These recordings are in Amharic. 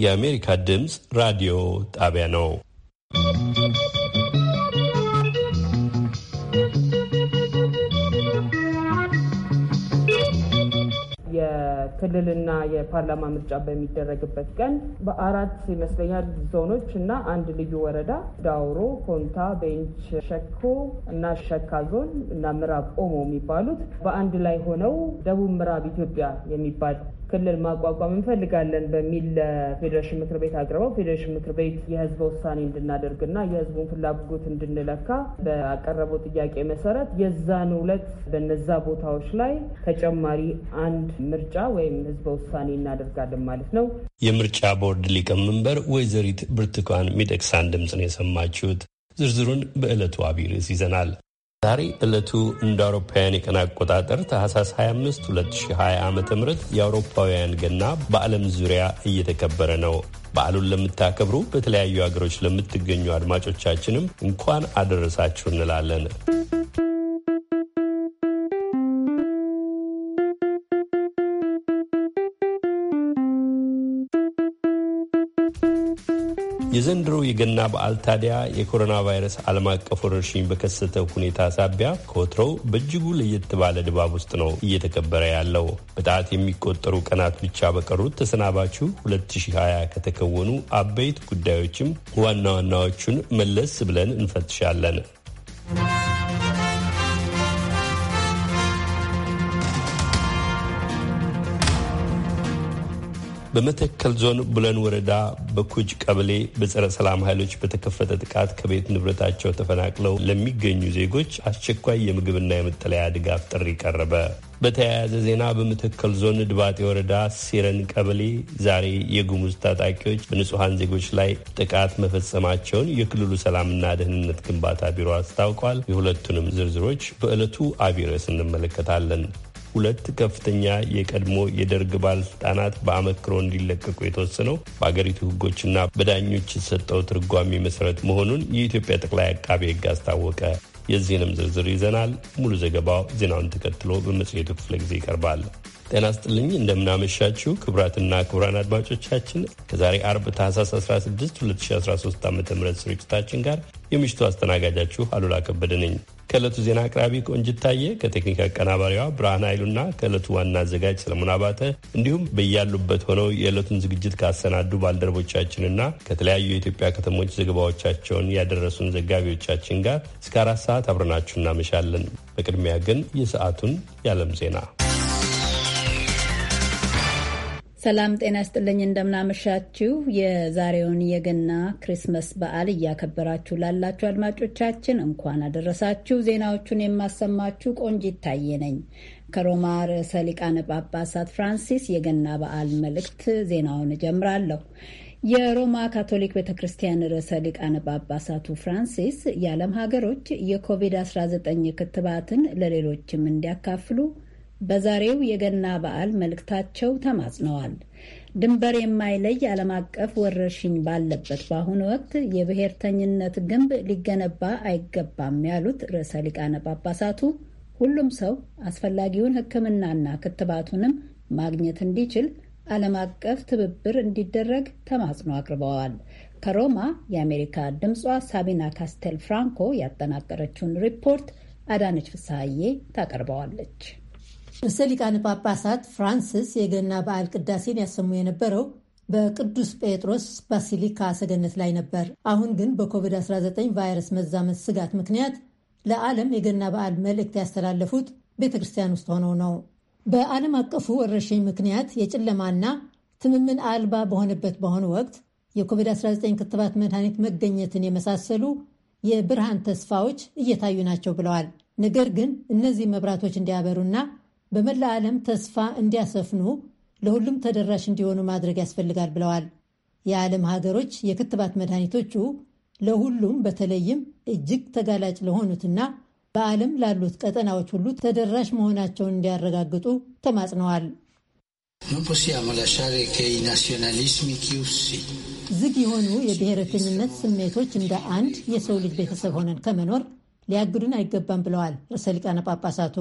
የአሜሪካ ድምፅ ራዲዮ ጣቢያ ነው። የክልልና የፓርላማ ምርጫ በሚደረግበት ቀን በአራት ይመስለኛል ዞኖች እና አንድ ልዩ ወረዳ ዳውሮ፣ ኮንታ፣ ቤንች ሸኮ እና ሸካ ዞን እና ምዕራብ ኦሞ የሚባሉት በአንድ ላይ ሆነው ደቡብ ምዕራብ ኢትዮጵያ የሚባል ክልል ማቋቋም እንፈልጋለን በሚል ለፌዴሬሽን ምክር ቤት አቅርበው ፌዴሬሽን ምክር ቤት የህዝበ ውሳኔ እንድናደርግና የህዝቡን ፍላጎት እንድንለካ በቀረበው ጥያቄ መሰረት የዛን ዕለት በነዛ ቦታዎች ላይ ተጨማሪ አንድ ምርጫ ወይም ህዝበ ውሳኔ እናደርጋለን ማለት ነው። የምርጫ ቦርድ ሊቀመንበር ወይዘሪት ብርቱካን ሚደቅሳን ድምፅ ነው የሰማችሁት። ዝርዝሩን በዕለቱ አቢይ ርዕስ ይዘናል። ዛሬ ዕለቱ እንደ አውሮፓውያን የቀን አቆጣጠር ታህሳስ 25 2020 ዓ ም የአውሮፓውያን ገና በዓለም ዙሪያ እየተከበረ ነው። በዓሉን ለምታከብሩ በተለያዩ ሀገሮች ለምትገኙ አድማጮቻችንም እንኳን አደረሳችሁ እንላለን። የዘንድሮ የገና በዓል ታዲያ የኮሮና ቫይረስ ዓለም አቀፍ ወረርሽኝ በከሰተው ሁኔታ ሳቢያ ከወትሮው በእጅጉ ለየት ባለ ድባብ ውስጥ ነው እየተከበረ ያለው። በጣት የሚቆጠሩ ቀናት ብቻ በቀሩት ተሰናባቹ 2020 ከተከወኑ አበይት ጉዳዮችም ዋና ዋናዎቹን መለስ ብለን እንፈትሻለን። በመተከል ዞን ብለን ወረዳ በኩጅ ቀበሌ በጸረ ሰላም ኃይሎች በተከፈተ ጥቃት ከቤት ንብረታቸው ተፈናቅለው ለሚገኙ ዜጎች አስቸኳይ የምግብና የመጠለያ ድጋፍ ጥሪ ቀረበ። በተያያዘ ዜና በመተከል ዞን ድባጤ ወረዳ ሴረን ቀበሌ ዛሬ የጉሙዝ ታጣቂዎች በንጹሐን ዜጎች ላይ ጥቃት መፈጸማቸውን የክልሉ ሰላምና ደህንነት ግንባታ ቢሮ አስታውቋል። የሁለቱንም ዝርዝሮች በዕለቱ አቢረስ እንመለከታለን። ሁለት ከፍተኛ የቀድሞ የደርግ ባለስልጣናት በአመክሮ እንዲለቀቁ የተወሰነው በአገሪቱ ህጎችና በዳኞች የተሰጠው ትርጓሜ መሰረት መሆኑን የኢትዮጵያ ጠቅላይ አቃቤ ህግ አስታወቀ። የዚህንም ዝርዝር ይዘናል። ሙሉ ዘገባው ዜናውን ተከትሎ በመጽሔቱ ክፍለ ጊዜ ይቀርባል። ጤና ስጥልኝ እንደምናመሻችሁ ክቡራትና ክቡራን አድማጮቻችን ከዛሬ አርብ ታህሳስ 16 2013 ዓ ም ስርጭታችን ጋር የምሽቱ አስተናጋጃችሁ አሉላ ከበደ ነኝ። ከዕለቱ ዜና አቅራቢ ቆንጅት ታየ፣ ከቴክኒክ አቀናባሪዋ ብርሃን ኃይሉና ከዕለቱ ዋና አዘጋጅ ሰለሞን አባተ እንዲሁም በያሉበት ሆነው የዕለቱን ዝግጅት ካሰናዱ ባልደረቦቻችንና ከተለያዩ የኢትዮጵያ ከተሞች ዘገባዎቻቸውን ያደረሱን ዘጋቢዎቻችን ጋር እስከ አራት ሰዓት አብረናችሁ እናመሻለን። በቅድሚያ ግን የሰዓቱን የዓለም ዜና ሰላም ጤና ይስጥልኝ። እንደምናመሻችሁ። የዛሬውን የገና ክሪስመስ በዓል እያከበራችሁ ላላችሁ አድማጮቻችን እንኳን አደረሳችሁ። ዜናዎቹን የማሰማችሁ ቆንጅ ይታየ ነኝ። ከሮማ ርዕሰ ሊቃነ ጳጳሳት ፍራንሲስ የገና በዓል መልእክት ዜናውን እጀምራለሁ። የሮማ ካቶሊክ ቤተ ክርስቲያን ርዕሰ ሊቃነ ጳጳሳቱ ፍራንሲስ የዓለም ሀገሮች የኮቪድ-19 ክትባትን ለሌሎችም እንዲያካፍሉ በዛሬው የገና በዓል መልእክታቸው ተማጽነዋል። ድንበር የማይለይ ዓለም አቀፍ ወረርሽኝ ባለበት በአሁኑ ወቅት የብሔርተኝነት ግንብ ሊገነባ አይገባም ያሉት ርዕሰ ሊቃነ ጳጳሳቱ ሁሉም ሰው አስፈላጊውን ሕክምናና ክትባቱንም ማግኘት እንዲችል ዓለም አቀፍ ትብብር እንዲደረግ ተማጽኖ አቅርበዋል። ከሮማ የአሜሪካ ድምጿ ሳቢና ካስቴል ፍራንኮ ያጠናቀረችውን ሪፖርት አዳነች ፍስሐዬ ታቀርበዋለች። ርዕሰ ሊቃነ ጳጳሳት ፍራንስስ የገና በዓል ቅዳሴን ያሰሙ የነበረው በቅዱስ ጴጥሮስ ባሲሊካ ሰገነት ላይ ነበር። አሁን ግን በኮቪድ-19 ቫይረስ መዛመት ስጋት ምክንያት ለዓለም የገና በዓል መልእክት ያስተላለፉት ቤተ ክርስቲያን ውስጥ ሆነው ነው። በዓለም አቀፉ ወረርሽኝ ምክንያት የጨለማና ትምምን አልባ በሆነበት በአሁኑ ወቅት የኮቪድ-19 ክትባት መድኃኒት መገኘትን የመሳሰሉ የብርሃን ተስፋዎች እየታዩ ናቸው ብለዋል። ነገር ግን እነዚህ መብራቶች እንዲያበሩና በመላ ዓለም ተስፋ እንዲያሰፍኑ ለሁሉም ተደራሽ እንዲሆኑ ማድረግ ያስፈልጋል ብለዋል። የዓለም ሀገሮች የክትባት መድኃኒቶቹ ለሁሉም በተለይም እጅግ ተጋላጭ ለሆኑትና በዓለም ላሉት ቀጠናዎች ሁሉ ተደራሽ መሆናቸውን እንዲያረጋግጡ ተማጽነዋል። ዝግ የሆኑ የብሔረተኝነት ስሜቶች እንደ አንድ የሰው ልጅ ቤተሰብ ሆነን ከመኖር ሊያግዱን አይገባም ብለዋል ርዕሰ ሊቃነ ጳጳሳቱ።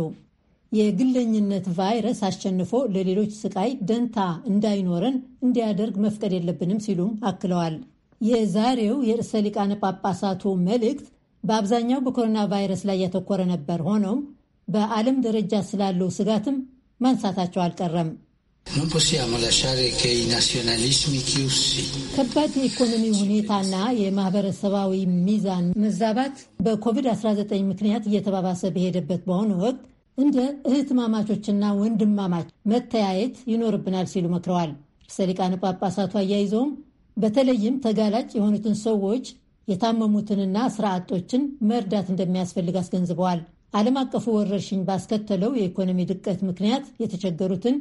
የግለኝነት ቫይረስ አሸንፎ ለሌሎች ስቃይ ደንታ እንዳይኖረን እንዲያደርግ መፍቀድ የለብንም ሲሉም አክለዋል። የዛሬው የርዕሰ ሊቃነ ጳጳሳቱ መልእክት በአብዛኛው በኮሮና ቫይረስ ላይ ያተኮረ ነበር። ሆኖም በዓለም ደረጃ ስላለው ስጋትም ማንሳታቸው አልቀረም። ከባድ የኢኮኖሚ ሁኔታና የማህበረሰባዊ ሚዛን መዛባት በኮቪድ-19 ምክንያት እየተባባሰ በሄደበት በአሁኑ ወቅት እንደ እህትማማቾችና ወንድማማች መተያየት ይኖርብናል ሲሉ መክረዋል። ርዕሰ ሊቃነ ጳጳሳቱ አያይዘውም በተለይም ተጋላጭ የሆኑትን ሰዎች የታመሙትንና ስራ አጦችን መርዳት እንደሚያስፈልግ አስገንዝበዋል። ዓለም አቀፉ ወረርሽኝ ባስከተለው የኢኮኖሚ ድቀት ምክንያት የተቸገሩትን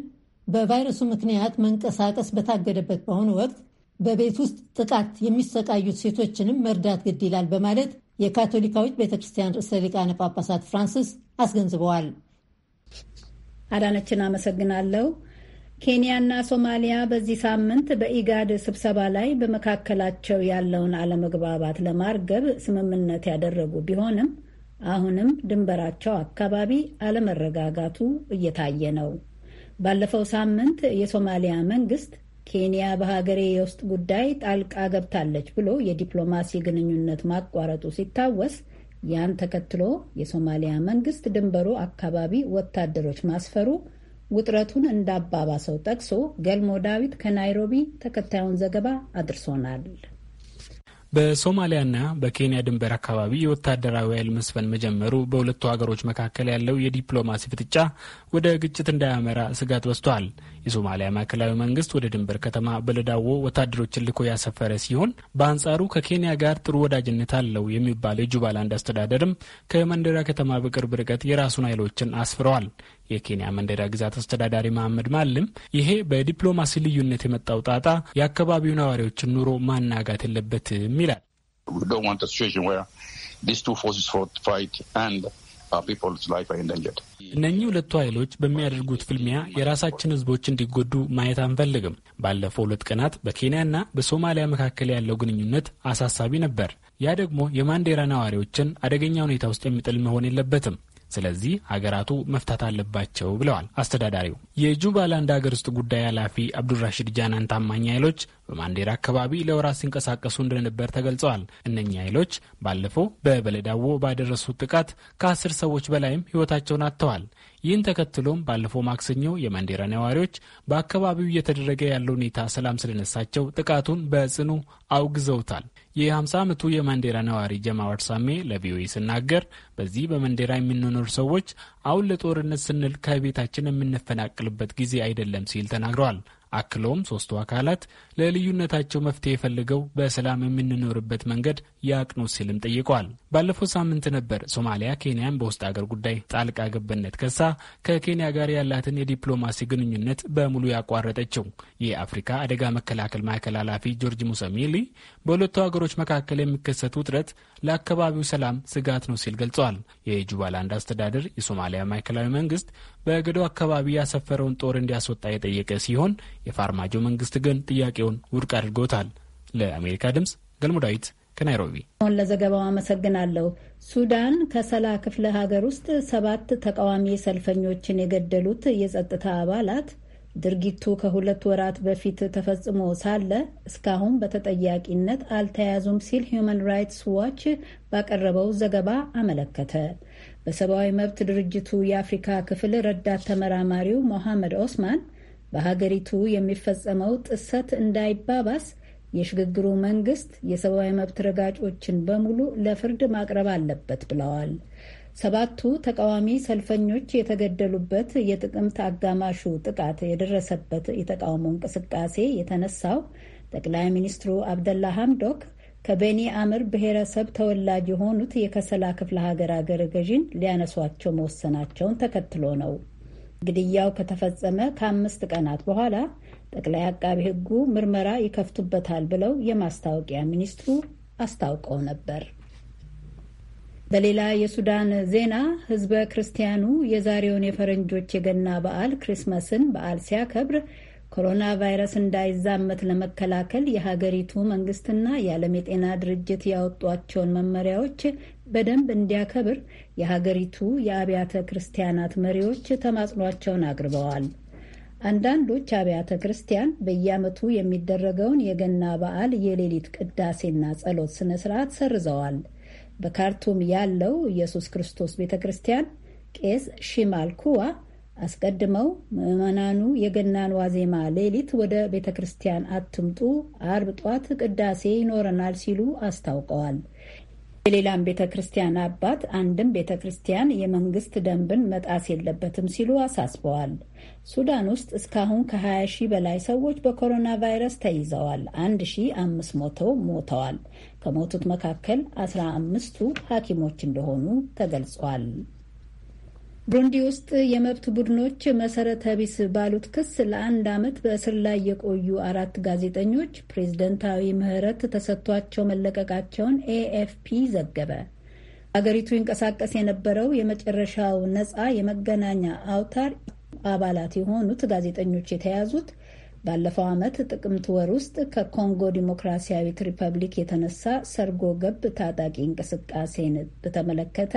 በቫይረሱ ምክንያት መንቀሳቀስ በታገደበት በአሁኑ ወቅት በቤት ውስጥ ጥቃት የሚሰቃዩት ሴቶችንም መርዳት ግድ ይላል በማለት የካቶሊካዊት ቤተ ክርስቲያን ርዕሰ ሊቃነ ጳጳሳት ፍራንሲስ አስገንዝበዋል። አዳነችን አመሰግናለሁ። ኬንያና ሶማሊያ በዚህ ሳምንት በኢጋድ ስብሰባ ላይ በመካከላቸው ያለውን አለመግባባት ለማርገብ ስምምነት ያደረጉ ቢሆንም አሁንም ድንበራቸው አካባቢ አለመረጋጋቱ እየታየ ነው። ባለፈው ሳምንት የሶማሊያ መንግስት ኬንያ በሀገሬ የውስጥ ጉዳይ ጣልቃ ገብታለች ብሎ የዲፕሎማሲ ግንኙነት ማቋረጡ ሲታወስ ያን ተከትሎ የሶማሊያ መንግስት ድንበሩ አካባቢ ወታደሮች ማስፈሩ ውጥረቱን እንዳባባሰው ጠቅሶ ገልሞ ዳዊት ከናይሮቢ ተከታዩን ዘገባ አድርሶናል። በሶማሊያና በኬንያ ድንበር አካባቢ የወታደራዊ ኃይል መስፈን መጀመሩ በሁለቱ ሀገሮች መካከል ያለው የዲፕሎማሲ ፍጥጫ ወደ ግጭት እንዳያመራ ስጋት በስቷል። የሶማሊያ ማዕከላዊ መንግስት ወደ ድንበር ከተማ በለዳዎ ወታደሮችን ልኮ ያሰፈረ ሲሆን በአንጻሩ ከኬንያ ጋር ጥሩ ወዳጅነት አለው የሚባለው የጁባላንድ አስተዳደርም ከመንደራ ከተማ በቅርብ ርቀት የራሱን ኃይሎችን አስፍረዋል። የኬንያ መንደራ ግዛት አስተዳዳሪ መሐመድ ማልም ይሄ በዲፕሎማሲ ልዩነት የመጣው ጣጣ የአካባቢው ነዋሪዎችን ኑሮ ማናጋት የለበትም ይላል። እነኚህ ሁለቱ ኃይሎች በሚያደርጉት ፍልሚያ የራሳችን ህዝቦች እንዲጎዱ ማየት አንፈልግም። ባለፈው ሁለት ቀናት በኬንያና በሶማሊያ መካከል ያለው ግንኙነት አሳሳቢ ነበር። ያ ደግሞ የማንዴራ ነዋሪዎችን አደገኛ ሁኔታ ውስጥ የሚጥል መሆን የለበትም። ስለዚህ ሀገራቱ መፍታት አለባቸው ብለዋል አስተዳዳሪው። የጁባላንድ ሀገር ውስጥ ጉዳይ ኃላፊ አብዱራሽድ ጃናን ታማኝ ኃይሎች በማንዴራ አካባቢ ለወራት ሲንቀሳቀሱ እንደነበር ተገልጸዋል። እነኚህ ኃይሎች ባለፈው በበለዳዎ ባደረሱት ጥቃት ከአስር ሰዎች በላይም ህይወታቸውን አጥተዋል። ይህን ተከትሎም ባለፈው ማክሰኞ የማንዴራ ነዋሪዎች በአካባቢው እየተደረገ ያለው ሁኔታ ሰላም ስለነሳቸው ጥቃቱን በጽኑ አውግዘውታል። የ50 ዓመቱ የማንዴራ ነዋሪ ጀማ ዋርሳሜ ለቪኦኤ ስናገር በዚህ በመንዴራ የምንኖር ሰዎች አሁን ለጦርነት ስንል ከቤታችን የምንፈናቅልበት ጊዜ አይደለም ሲል ተናግረዋል። አክለውም ሶስቱ አካላት ለልዩነታቸው መፍትሄ ፈልገው በሰላም የምንኖርበት መንገድ ያቅኑ ሲልም ጠይቋል። ባለፈው ሳምንት ነበር ሶማሊያ ኬንያን በውስጥ አገር ጉዳይ ጣልቃ ገብነት ከሳ ከኬንያ ጋር ያላትን የዲፕሎማሲ ግንኙነት በሙሉ ያቋረጠችው። የአፍሪካ አደጋ መከላከል ማዕከል ኃላፊ ጆርጅ ሙሰሚሊ በሁለቱ ሀገሮች መካከል የሚከሰት ውጥረት ለአካባቢው ሰላም ስጋት ነው ሲል ገልጸዋል። የጁባላንድ አስተዳደር የሶማሊያ ማዕከላዊ መንግስት በገዶ አካባቢ ያሰፈረውን ጦር እንዲያስወጣ የጠየቀ ሲሆን የፋርማጆ መንግስት ግን ጥያቄውን ውድቅ አድርጎታል። ለአሜሪካ ድምጽ ገልሞ ዳዊት ከናይሮቢ አሁን ለዘገባው አመሰግናለሁ። ሱዳን ከሰላ ክፍለ ሀገር ውስጥ ሰባት ተቃዋሚ ሰልፈኞችን የገደሉት የጸጥታ አባላት ድርጊቱ ከሁለት ወራት በፊት ተፈጽሞ ሳለ እስካሁን በተጠያቂነት አልተያዙም ሲል ሂዩማን ራይትስ ዋች ባቀረበው ዘገባ አመለከተ። በሰብአዊ መብት ድርጅቱ የአፍሪካ ክፍል ረዳት ተመራማሪው ሞሐመድ ኦስማን በሀገሪቱ የሚፈጸመው ጥሰት እንዳይባባስ የሽግግሩ መንግስት የሰብአዊ መብት ረጋጮችን በሙሉ ለፍርድ ማቅረብ አለበት ብለዋል። ሰባቱ ተቃዋሚ ሰልፈኞች የተገደሉበት የጥቅምት አጋማሹ ጥቃት የደረሰበት የተቃውሞ እንቅስቃሴ የተነሳው ጠቅላይ ሚኒስትሩ አብደላ ሐምዶክ ከቤኒ አምር ብሔረሰብ ተወላጅ የሆኑት የከሰላ ክፍለ ሀገር አገረ ገዥን ሊያነሷቸው መወሰናቸውን ተከትሎ ነው። ግድያው ከተፈጸመ ከአምስት ቀናት በኋላ ጠቅላይ አቃቢ ሕጉ ምርመራ ይከፍቱበታል ብለው የማስታወቂያ ሚኒስትሩ አስታውቀው ነበር። በሌላ የሱዳን ዜና ህዝበ ክርስቲያኑ የዛሬውን የፈረንጆች የገና በዓል ክሪስመስን በዓል ሲያከብር ኮሮና ቫይረስ እንዳይዛመት ለመከላከል የሀገሪቱ መንግስትና የዓለም የጤና ድርጅት ያወጧቸውን መመሪያዎች በደንብ እንዲያከብር የሀገሪቱ የአብያተ ክርስቲያናት መሪዎች ተማጽኗቸውን አቅርበዋል። አንዳንዶች አብያተ ክርስቲያን በየዓመቱ የሚደረገውን የገና በዓል የሌሊት ቅዳሴና ጸሎት ስነ ስርዓት ሰርዘዋል። በካርቱም ያለው ኢየሱስ ክርስቶስ ቤተ ክርስቲያን ቄስ ሺማል ኩዋ አስቀድመው ምዕመናኑ የገናን ዋዜማ ሌሊት ወደ ቤተ ክርስቲያን አትምጡ፣ አርብ ጧት ቅዳሴ ይኖረናል ሲሉ አስታውቀዋል። የሌላም ቤተ ክርስቲያን አባት አንድም ቤተ ክርስቲያን የመንግስት ደንብን መጣስ የለበትም ሲሉ አሳስበዋል። ሱዳን ውስጥ እስካሁን ከ20 ሺህ በላይ ሰዎች በኮሮና ቫይረስ ተይዘዋል። 1500 ሞተዋል። ከሞቱት መካከል 15ቱ ሐኪሞች እንደሆኑ ተገልጿል። ብሩንዲ ውስጥ የመብት ቡድኖች መሰረተ ቢስ ባሉት ክስ ለአንድ ዓመት በእስር ላይ የቆዩ አራት ጋዜጠኞች ፕሬዝደንታዊ ምህረት ተሰጥቷቸው መለቀቃቸውን ኤኤፍፒ ዘገበ። አገሪቱ ይንቀሳቀስ የነበረው የመጨረሻው ነፃ የመገናኛ አውታር አባላት የሆኑት ጋዜጠኞች የተያዙት ባለፈው ዓመት ጥቅምት ወር ውስጥ ከኮንጎ ዲሞክራሲያዊት ሪፐብሊክ የተነሳ ሰርጎ ገብ ታጣቂ እንቅስቃሴን በተመለከተ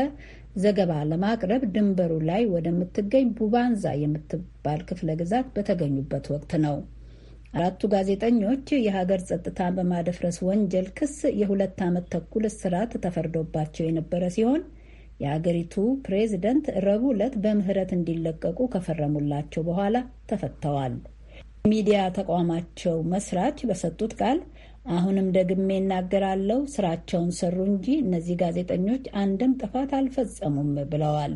ዘገባ ለማቅረብ ድንበሩ ላይ ወደምትገኝ ቡባንዛ የምትባል ክፍለ ግዛት በተገኙበት ወቅት ነው። አራቱ ጋዜጠኞች የሀገር ጸጥታን በማደፍረስ ወንጀል ክስ የሁለት ዓመት ተኩል እስራት ተፈርዶባቸው የነበረ ሲሆን የአገሪቱ ፕሬዚደንት ረቡዕ ዕለት በምህረት እንዲለቀቁ ከፈረሙላቸው በኋላ ተፈተዋል። ሚዲያ ተቋማቸው መስራች በሰጡት ቃል አሁንም ደግሜ እናገራለሁ፣ ስራቸውን ሰሩ እንጂ እነዚህ ጋዜጠኞች አንድም ጥፋት አልፈጸሙም ብለዋል።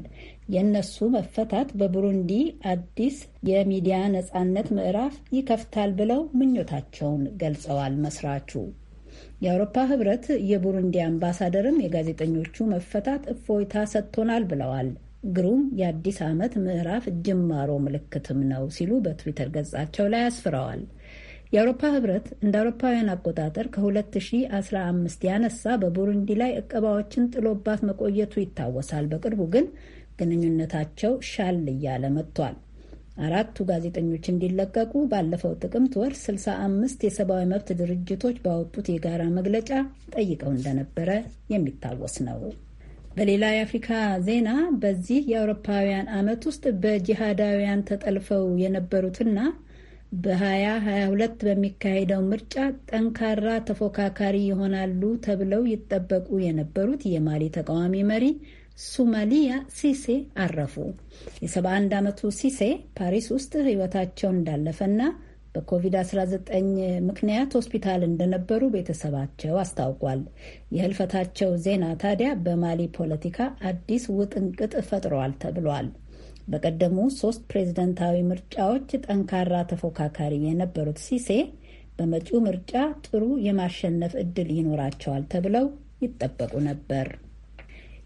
የእነሱ መፈታት በቡሩንዲ አዲስ የሚዲያ ነጻነት ምዕራፍ ይከፍታል ብለው ምኞታቸውን ገልጸዋል መስራቹ የአውሮፓ ህብረት የቡሩንዲ አምባሳደርም የጋዜጠኞቹ መፈታት እፎይታ ሰጥቶናል ብለዋል። ግሩም የአዲስ ዓመት ምዕራፍ ጅማሮ ምልክትም ነው ሲሉ በትዊተር ገጻቸው ላይ አስፍረዋል። የአውሮፓ ህብረት እንደ አውሮፓውያን አቆጣጠር ከ2015 ያነሳ በቡሩንዲ ላይ እቀባዎችን ጥሎባት መቆየቱ ይታወሳል። በቅርቡ ግን ግንኙነታቸው ሻል እያለ መጥቷል። አራቱ ጋዜጠኞች እንዲለቀቁ ባለፈው ጥቅምት ወር 65 የሰብአዊ መብት ድርጅቶች ባወጡት የጋራ መግለጫ ጠይቀው እንደነበረ የሚታወስ ነው። በሌላ የአፍሪካ ዜና በዚህ የአውሮፓውያን ዓመት ውስጥ በጂሃዳውያን ተጠልፈው የነበሩትና በ2022 በሚካሄደው ምርጫ ጠንካራ ተፎካካሪ ይሆናሉ ተብለው ይጠበቁ የነበሩት የማሊ ተቃዋሚ መሪ ሱማሊያ ሲሴ አረፉ። የ71 ዓመቱ ሲሴ ፓሪስ ውስጥ ህይወታቸው እንዳለፈና በኮቪድ-19 ምክንያት ሆስፒታል እንደነበሩ ቤተሰባቸው አስታውቋል። የህልፈታቸው ዜና ታዲያ በማሊ ፖለቲካ አዲስ ውጥንቅጥ ፈጥሯል ተብሏል። በቀደሙ ሶስት ፕሬዝደንታዊ ምርጫዎች ጠንካራ ተፎካካሪ የነበሩት ሲሴ በመጪው ምርጫ ጥሩ የማሸነፍ እድል ይኖራቸዋል ተብለው ይጠበቁ ነበር።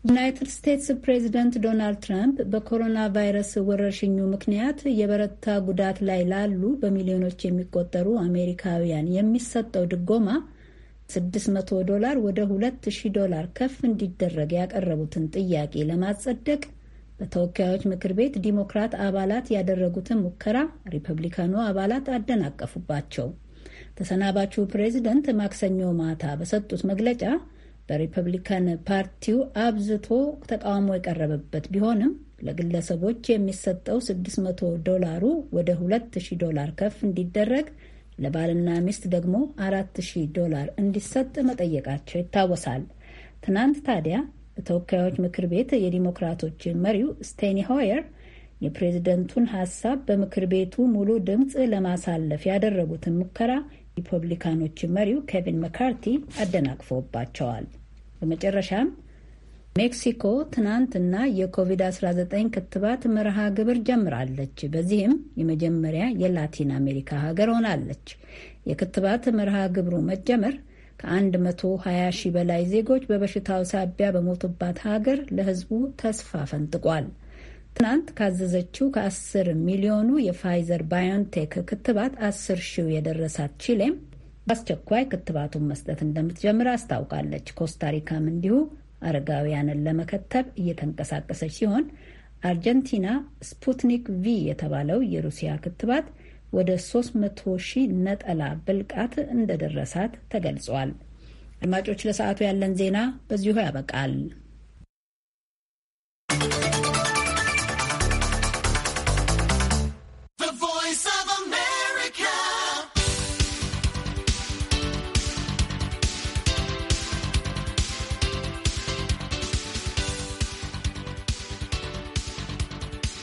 ዩናይትድ ስቴትስ ፕሬዚደንት ዶናልድ ትራምፕ በኮሮና ቫይረስ ወረርሽኙ ምክንያት የበረታ ጉዳት ላይ ላሉ በሚሊዮኖች የሚቆጠሩ አሜሪካውያን የሚሰጠው ድጎማ 600 ዶላር ወደ 2000 ዶላር ከፍ እንዲደረግ ያቀረቡትን ጥያቄ ለማጸደቅ በተወካዮች ምክር ቤት ዲሞክራት አባላት ያደረጉትን ሙከራ ሪፐብሊካኑ አባላት አደናቀፉባቸው። ተሰናባቹ ፕሬዚደንት ማክሰኞ ማታ በሰጡት መግለጫ በሪፐብሊካን ፓርቲው አብዝቶ ተቃውሞ የቀረበበት ቢሆንም ለግለሰቦች የሚሰጠው 600 ዶላሩ ወደ 2000 ዶላር ከፍ እንዲደረግ ለባልና ሚስት ደግሞ 4000 ዶላር እንዲሰጥ መጠየቃቸው ይታወሳል። ትናንት ታዲያ በተወካዮች ምክር ቤት የዲሞክራቶች መሪው ስቴኒ ሆየር የፕሬዝደንቱን ሀሳብ በምክር ቤቱ ሙሉ ድምፅ ለማሳለፍ ያደረጉትን ሙከራ ሪፐብሊካኖች መሪው ኬቪን መካርቲ አደናቅፈውባቸዋል። በመጨረሻም ሜክሲኮ ትናንትና የኮቪድ-19 ክትባት መርሃ ግብር ጀምራለች። በዚህም የመጀመሪያ የላቲን አሜሪካ ሀገር ሆናለች። የክትባት መርሃ ግብሩ መጀመር ከ120 ሺህ በላይ ዜጎች በበሽታው ሳቢያ በሞቱባት ሀገር ለሕዝቡ ተስፋ ፈንጥቋል። ትናንት ካዘዘችው ከአስር ሚሊዮኑ የፋይዘር ባዮንቴክ ክትባት አስር ሺው የደረሳት ቺሌም በአስቸኳይ ክትባቱን መስጠት እንደምትጀምር አስታውቃለች። ኮስታሪካም እንዲሁ አረጋውያንን ለመከተብ እየተንቀሳቀሰች ሲሆን አርጀንቲና ስፑትኒክ ቪ የተባለው የሩሲያ ክትባት ወደ 300 ሺህ ነጠላ ብልቃት እንደደረሳት ተገልጿል። አድማጮች፣ ለሰዓቱ ያለን ዜና በዚሁ ያበቃል።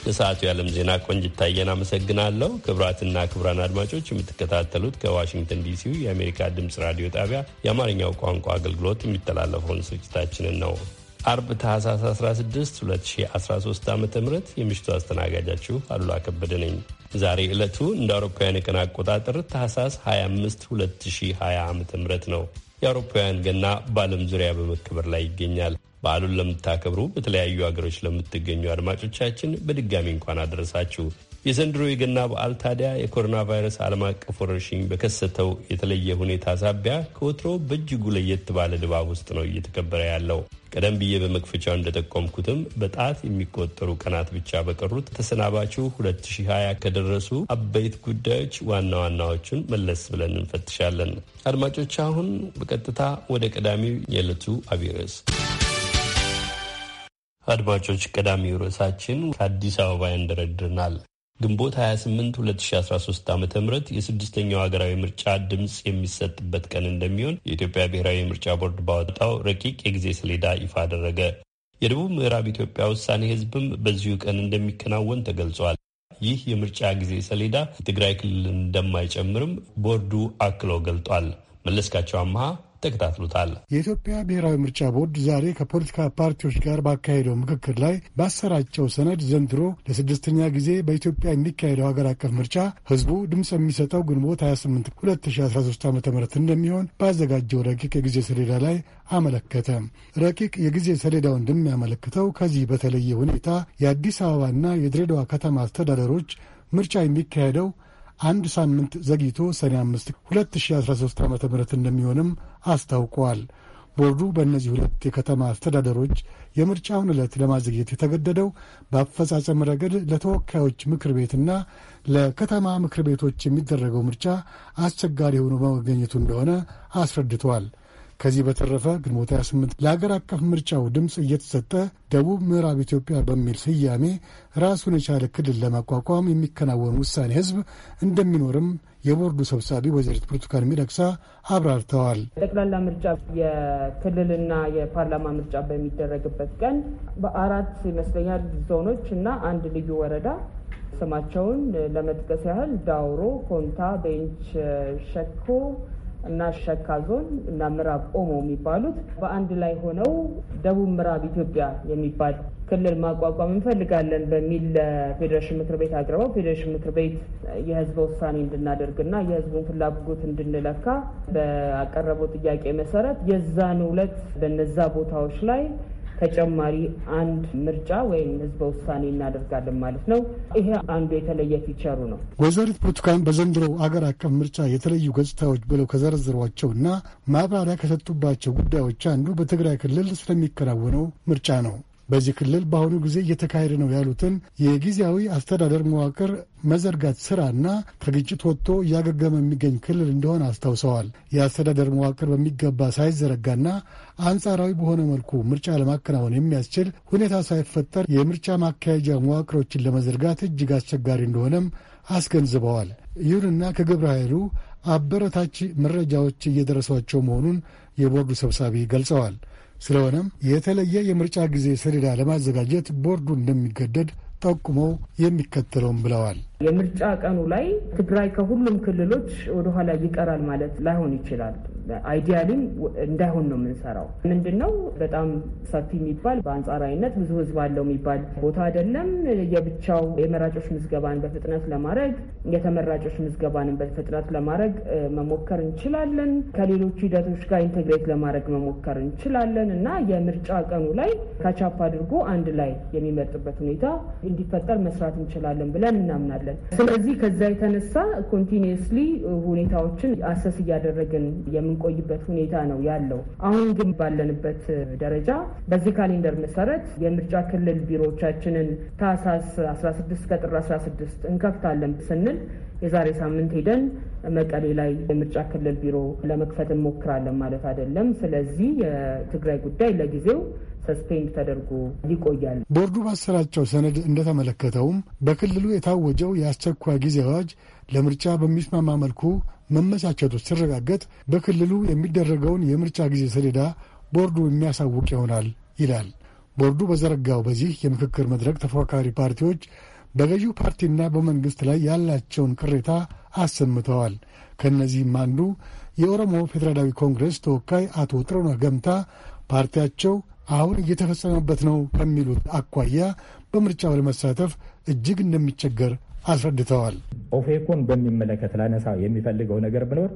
ለሰዓቱ የዓለም ዜና ቆንጅታየን አመሰግናለሁ። ክብራትና ክብራን አድማጮች የምትከታተሉት ከዋሽንግተን ዲሲው የአሜሪካ ድምፅ ራዲዮ ጣቢያ የአማርኛው ቋንቋ አገልግሎት የሚተላለፈውን ስርጭታችንን ነው። አርብ ታህሳስ 16 2013 ዓ ም የምሽቱ አስተናጋጃችሁ አሉላ ከበደ ነኝ። ዛሬ ዕለቱ እንደ አውሮፓውያን የቀን አቆጣጠር ታህሳስ 25 2020 ዓ ም ነው። የአውሮፓውያን ገና በዓለም ዙሪያ በመከበር ላይ ይገኛል። በዓሉን ለምታከብሩ በተለያዩ ሀገሮች ለምትገኙ አድማጮቻችን በድጋሚ እንኳን አደረሳችሁ። የዘንድሮ የገና በዓል ታዲያ የኮሮና ቫይረስ ዓለም አቀፍ ወረርሽኝ በከሰተው የተለየ ሁኔታ ሳቢያ ከወትሮ በእጅጉ ለየት ባለ ድባብ ውስጥ ነው እየተከበረ ያለው። ቀደም ብዬ በመክፈቻው እንደጠቆምኩትም በጣት የሚቆጠሩ ቀናት ብቻ በቀሩት ተሰናባችሁ 2020 ከደረሱ አበይት ጉዳዮች ዋና ዋናዎቹን መለስ ብለን እንፈትሻለን። አድማጮች አሁን በቀጥታ ወደ ቀዳሚው የዕለቱ አቢይ ርዕስ አድማጮች፣ ቀዳሚው ርዕሳችን ከአዲስ አበባ ያንደረድርናል። ግንቦት 28 2013 ዓ ም የስድስተኛው ሀገራዊ ምርጫ ድምፅ የሚሰጥበት ቀን እንደሚሆን የኢትዮጵያ ብሔራዊ የምርጫ ቦርድ ባወጣው ረቂቅ የጊዜ ሰሌዳ ይፋ አደረገ። የደቡብ ምዕራብ ኢትዮጵያ ውሳኔ ህዝብም በዚሁ ቀን እንደሚከናወን ተገልጿል። ይህ የምርጫ ጊዜ ሰሌዳ የትግራይ ክልል እንደማይጨምርም ቦርዱ አክሎ ገልጧል። መለስካቸው አምሃ ተከታትሎታል። የኢትዮጵያ ብሔራዊ ምርጫ ቦርድ ዛሬ ከፖለቲካ ፓርቲዎች ጋር ባካሄደው ምክክር ላይ ባሰራጨው ሰነድ ዘንድሮ ለስድስተኛ ጊዜ በኢትዮጵያ የሚካሄደው ሀገር አቀፍ ምርጫ ህዝቡ ድምፅ የሚሰጠው ግንቦት 28 2013 ዓ ም እንደሚሆን ባዘጋጀው ረቂቅ የጊዜ ሰሌዳ ላይ አመለከተ። ረቂቅ የጊዜ ሰሌዳው እንደሚያመለክተው ከዚህ በተለየ ሁኔታ የአዲስ አበባና የድሬዳዋ ከተማ አስተዳደሮች ምርጫ የሚካሄደው አንድ ሳምንት ዘግይቶ ሰኔ 5 2013 ዓ ም እንደሚሆንም አስታውቀዋል። ቦርዱ በእነዚህ ሁለት የከተማ አስተዳደሮች የምርጫውን ዕለት ለማዘግየት የተገደደው በአፈጻጸም ረገድ ለተወካዮች ምክር ቤትና ለከተማ ምክር ቤቶች የሚደረገው ምርጫ አስቸጋሪ ሆኖ በመገኘቱ እንደሆነ አስረድተዋል። ከዚህ በተረፈ ግንቦት 28 ለሀገር አቀፍ ምርጫው ድምፅ እየተሰጠ ደቡብ ምዕራብ ኢትዮጵያ በሚል ስያሜ ራሱን የቻለ ክልል ለማቋቋም የሚከናወን ውሳኔ ህዝብ እንደሚኖርም የቦርዱ ሰብሳቢ ወይዘሪት ብርቱካን ሚደቅሳ አብራርተዋል። ጠቅላላ ምርጫ የክልልና የፓርላማ ምርጫ በሚደረግበት ቀን በአራት ይመስለኛል ዞኖች እና አንድ ልዩ ወረዳ ስማቸውን ለመጥቀስ ያህል ዳውሮ፣ ኮንታ፣ ቤንች ሸኮ እና ሸካ ዞን እና ምዕራብ ኦሞ የሚባሉት በአንድ ላይ ሆነው ደቡብ ምዕራብ ኢትዮጵያ የሚባል ክልል ማቋቋም እንፈልጋለን በሚል ለፌዴሬሽን ምክር ቤት አቅርበው ፌዴሬሽን ምክር ቤት የሕዝበ ውሳኔ እንድናደርግና የህዝቡን ፍላጎት እንድንለካ በአቀረበው ጥያቄ መሰረት የዛን ዕለት በነዛ ቦታዎች ላይ ተጨማሪ አንድ ምርጫ ወይም ህዝበ ውሳኔ እናደርጋለን ማለት ነው። ይሄ አንዱ የተለየ ፊቸሩ ነው። ወይዘሪት ብርቱካን በዘንድሮው አገር አቀፍ ምርጫ የተለዩ ገጽታዎች ብለው እና ማብራሪያ ከሰጡባቸው ጉዳዮች አንዱ በትግራይ ክልል ስለሚከናወነው ምርጫ ነው። በዚህ ክልል በአሁኑ ጊዜ እየተካሄደ ነው ያሉትን የጊዜያዊ አስተዳደር መዋቅር መዘርጋት ስራና ከግጭት ወጥቶ እያገገመ የሚገኝ ክልል እንደሆነ አስታውሰዋል። የአስተዳደር መዋቅር በሚገባ ሳይዘረጋና አንጻራዊ በሆነ መልኩ ምርጫ ለማከናወን የሚያስችል ሁኔታ ሳይፈጠር የምርጫ ማካሄጃ መዋቅሮችን ለመዘርጋት እጅግ አስቸጋሪ እንደሆነም አስገንዝበዋል። ይሁንና ከግብረ ኃይሉ አበረታች መረጃዎች እየደረሷቸው መሆኑን የቦርዱ ሰብሳቢ ገልጸዋል። ስለሆነም የተለየ የምርጫ ጊዜ ሰሌዳ ለማዘጋጀት ቦርዱ እንደሚገደድ ጠቁመው የሚከተለውም ብለዋል። የምርጫ ቀኑ ላይ ትግራይ ከሁሉም ክልሎች ወደኋላ ይቀራል ማለት ላይሆን ይችላል። አይዲያሊም እንዳይሆን ነው የምንሰራው። ምንድን ነው በጣም ሰፊ የሚባል በአንጻራዊነት ብዙ ህዝብ አለው የሚባል ቦታ አይደለም። የብቻው የመራጮች ምዝገባን በፍጥነት ለማድረግ የተመራጮች ምዝገባንን በፍጥነት ለማድረግ መሞከር እንችላለን። ከሌሎች ሂደቶች ጋር ኢንቴግሬት ለማድረግ መሞከር እንችላለን እና የምርጫ ቀኑ ላይ ከቻፕ አድርጎ አንድ ላይ የሚመርጥበት ሁኔታ እንዲፈጠር መስራት እንችላለን ብለን እናምናለን። እንችላለን። ስለዚህ ከዛ የተነሳ ኮንቲኒየስሊ ሁኔታዎችን አሰስ እያደረግን የምንቆይበት ሁኔታ ነው ያለው። አሁን ግን ባለንበት ደረጃ በዚህ ካሌንደር መሰረት የምርጫ ክልል ቢሮዎቻችንን ታህሳስ 16 ከጥር 16 እንከፍታለን ስንል የዛሬ ሳምንት ሄደን መቀሌ ላይ የምርጫ ክልል ቢሮ ለመክፈት እንሞክራለን ማለት አይደለም። ስለዚህ የትግራይ ጉዳይ ለጊዜው ሰስፔንድ ተደርጎ ይቆያል። ቦርዱ ባሰራጨው ሰነድ እንደተመለከተውም በክልሉ የታወጀው የአስቸኳይ ጊዜ አዋጅ ለምርጫ በሚስማማ መልኩ መመቻቸቱ ሲረጋገጥ በክልሉ የሚደረገውን የምርጫ ጊዜ ሰሌዳ ቦርዱ የሚያሳውቅ ይሆናል ይላል። ቦርዱ በዘረጋው በዚህ የምክክር መድረክ ተፎካካሪ ፓርቲዎች በገዢው ፓርቲና በመንግሥት ላይ ያላቸውን ቅሬታ አሰምተዋል። ከእነዚህም አንዱ የኦሮሞ ፌዴራላዊ ኮንግሬስ ተወካይ አቶ ጥሩነህ ገምታ ፓርቲያቸው አሁን እየተፈጸመበት ነው ከሚሉት አኳያ በምርጫው ለመሳተፍ እጅግ እንደሚቸገር አስረድተዋል። ኦፌኮን በሚመለከት ላነሳ የሚፈልገው ነገር ብኖር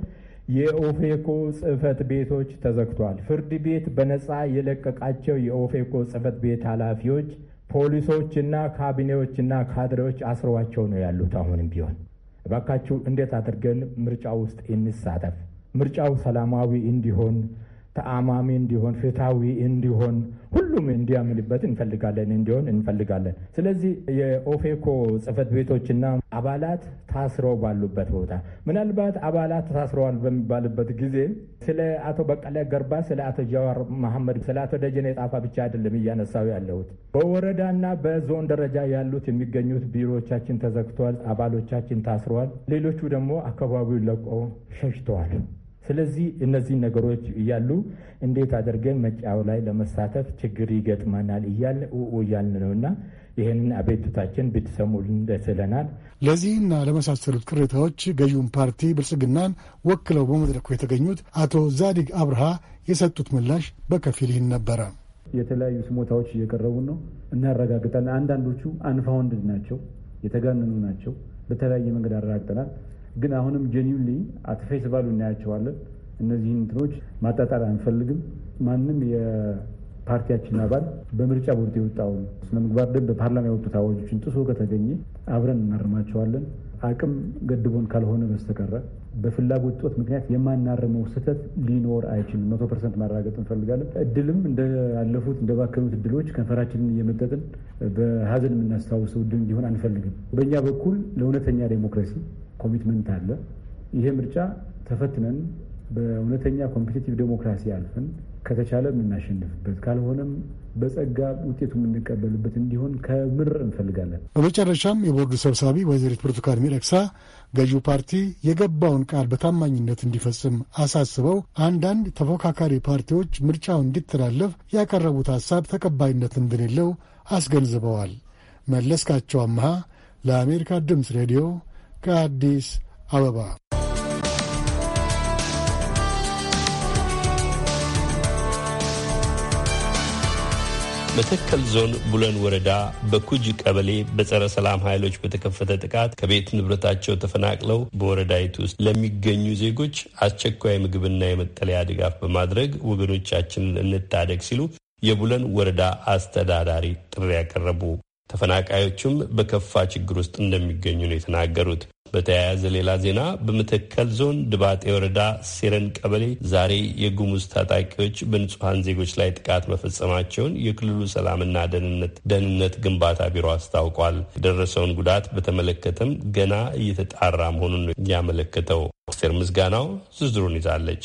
የኦፌኮ ጽህፈት ቤቶች ተዘግቷል። ፍርድ ቤት በነፃ የለቀቃቸው የኦፌኮ ጽህፈት ቤት ኃላፊዎች ፖሊሶችና ካቢኔዎችና ካድሬዎች አስረዋቸው ነው ያሉት። አሁንም ቢሆን እባካችሁ እንዴት አድርገን ምርጫ ውስጥ እንሳተፍ፣ ምርጫው ሰላማዊ እንዲሆን ተአማሚ እንዲሆን፣ ፍትሐዊ እንዲሆን፣ ሁሉም እንዲያምንበት እንፈልጋለን እንዲሆን እንፈልጋለን። ስለዚህ የኦፌኮ ጽህፈት ቤቶችና አባላት ታስረው ባሉበት ቦታ ምናልባት አባላት ታስረዋል በሚባልበት ጊዜ ስለ አቶ በቀለ ገርባ፣ ስለ አቶ ጃዋር መሐመድ፣ ስለ አቶ ደጀኔ ጣፋ ብቻ አይደለም እያነሳው ያለሁት። በወረዳና በዞን ደረጃ ያሉት የሚገኙት ቢሮዎቻችን ተዘግተዋል፣ አባሎቻችን ታስረዋል፣ ሌሎቹ ደግሞ አካባቢውን ለቆ ሸሽተዋል። ስለዚህ እነዚህ ነገሮች እያሉ እንዴት አድርገን መጫው ላይ ለመሳተፍ ችግር ይገጥመናል እያል እያልን ነው እና ይህንን አቤቱታችን ብትሰሙልን ደስ ይለናል። ለዚህና ለመሳሰሉት ቅሬታዎች ገዢውን ፓርቲ ብልጽግናን ወክለው በመድረኩ የተገኙት አቶ ዛዲግ አብርሃ የሰጡት ምላሽ በከፊል ይህን ነበረ። የተለያዩ ስሞታዎች እየቀረቡ ነው፣ እናረጋግጣለን። አንዳንዶቹ አንፋውንድድ ናቸው፣ የተጋነኑ ናቸው። በተለያየ መንገድ አረጋግጠናል። ግን አሁንም ጀኒውንሊ አትፌስ ባሉ እናያቸዋለን። እነዚህን እንትኖች ማጣጣር አንፈልግም። ማንም ፓርቲያችን አባል በምርጫ ቦርድ የወጣውን ስነ ምግባር ደንብ በፓርላማ የወጡት አዋጆችን ጥሶ ከተገኘ አብረን እናርማቸዋለን። አቅም ገድቦን ካልሆነ በስተቀረ በፍላጎት ጦት ምክንያት የማናርመው ስህተት ሊኖር አይችልም። መቶ ፐርሰንት ማረጋገጥ እንፈልጋለን። እድልም እንዳለፉት እንደባከኑት እድሎች ከንፈራችንን እየመጠጥን በሀዘን የምናስታውሰው እድል እንዲሆን አንፈልግም። በእኛ በኩል ለእውነተኛ ዴሞክራሲ ኮሚትመንት አለ። ይሄ ምርጫ ተፈትነን በእውነተኛ ኮምፒቲቲቭ ዴሞክራሲ አልፈን ከተቻለ የምናሸንፍበት ካልሆነም በጸጋ ውጤቱ የምንቀበልበት እንዲሆን ከምር እንፈልጋለን። በመጨረሻም የቦርዱ ሰብሳቢ ወይዘሪት ብርቱካን ሚደቅሳ ገዢው ፓርቲ የገባውን ቃል በታማኝነት እንዲፈጽም አሳስበው አንዳንድ ተፎካካሪ ፓርቲዎች ምርጫው እንዲተላለፍ ያቀረቡት ሀሳብ ተቀባይነት እንደሌለው አስገንዝበዋል። መለስካቸው አምሃ ለአሜሪካ ድምፅ ሬዲዮ ከአዲስ አበባ መተከል ዞን ቡለን ወረዳ በኩጅ ቀበሌ በጸረ ሰላም ኃይሎች በተከፈተ ጥቃት ከቤት ንብረታቸው ተፈናቅለው በወረዳይቱ ውስጥ ለሚገኙ ዜጎች አስቸኳይ ምግብና የመጠለያ ድጋፍ በማድረግ ወገኖቻችንን እንታደግ ሲሉ የቡለን ወረዳ አስተዳዳሪ ጥሪ ያቀረቡ ተፈናቃዮቹም በከፋ ችግር ውስጥ እንደሚገኙ ነው የተናገሩት። በተያያዘ ሌላ ዜና በመተከል ዞን ድባጤ ወረዳ ሴረን ቀበሌ ዛሬ የጉሙዝ ታጣቂዎች በንጹሐን ዜጎች ላይ ጥቃት መፈጸማቸውን የክልሉ ሰላምና ደህንነት ግንባታ ቢሮ አስታውቋል። የደረሰውን ጉዳት በተመለከተም ገና እየተጣራ መሆኑን ያመለከተው አስቴር ምስጋናው ዝርዝሩን ይዛለች።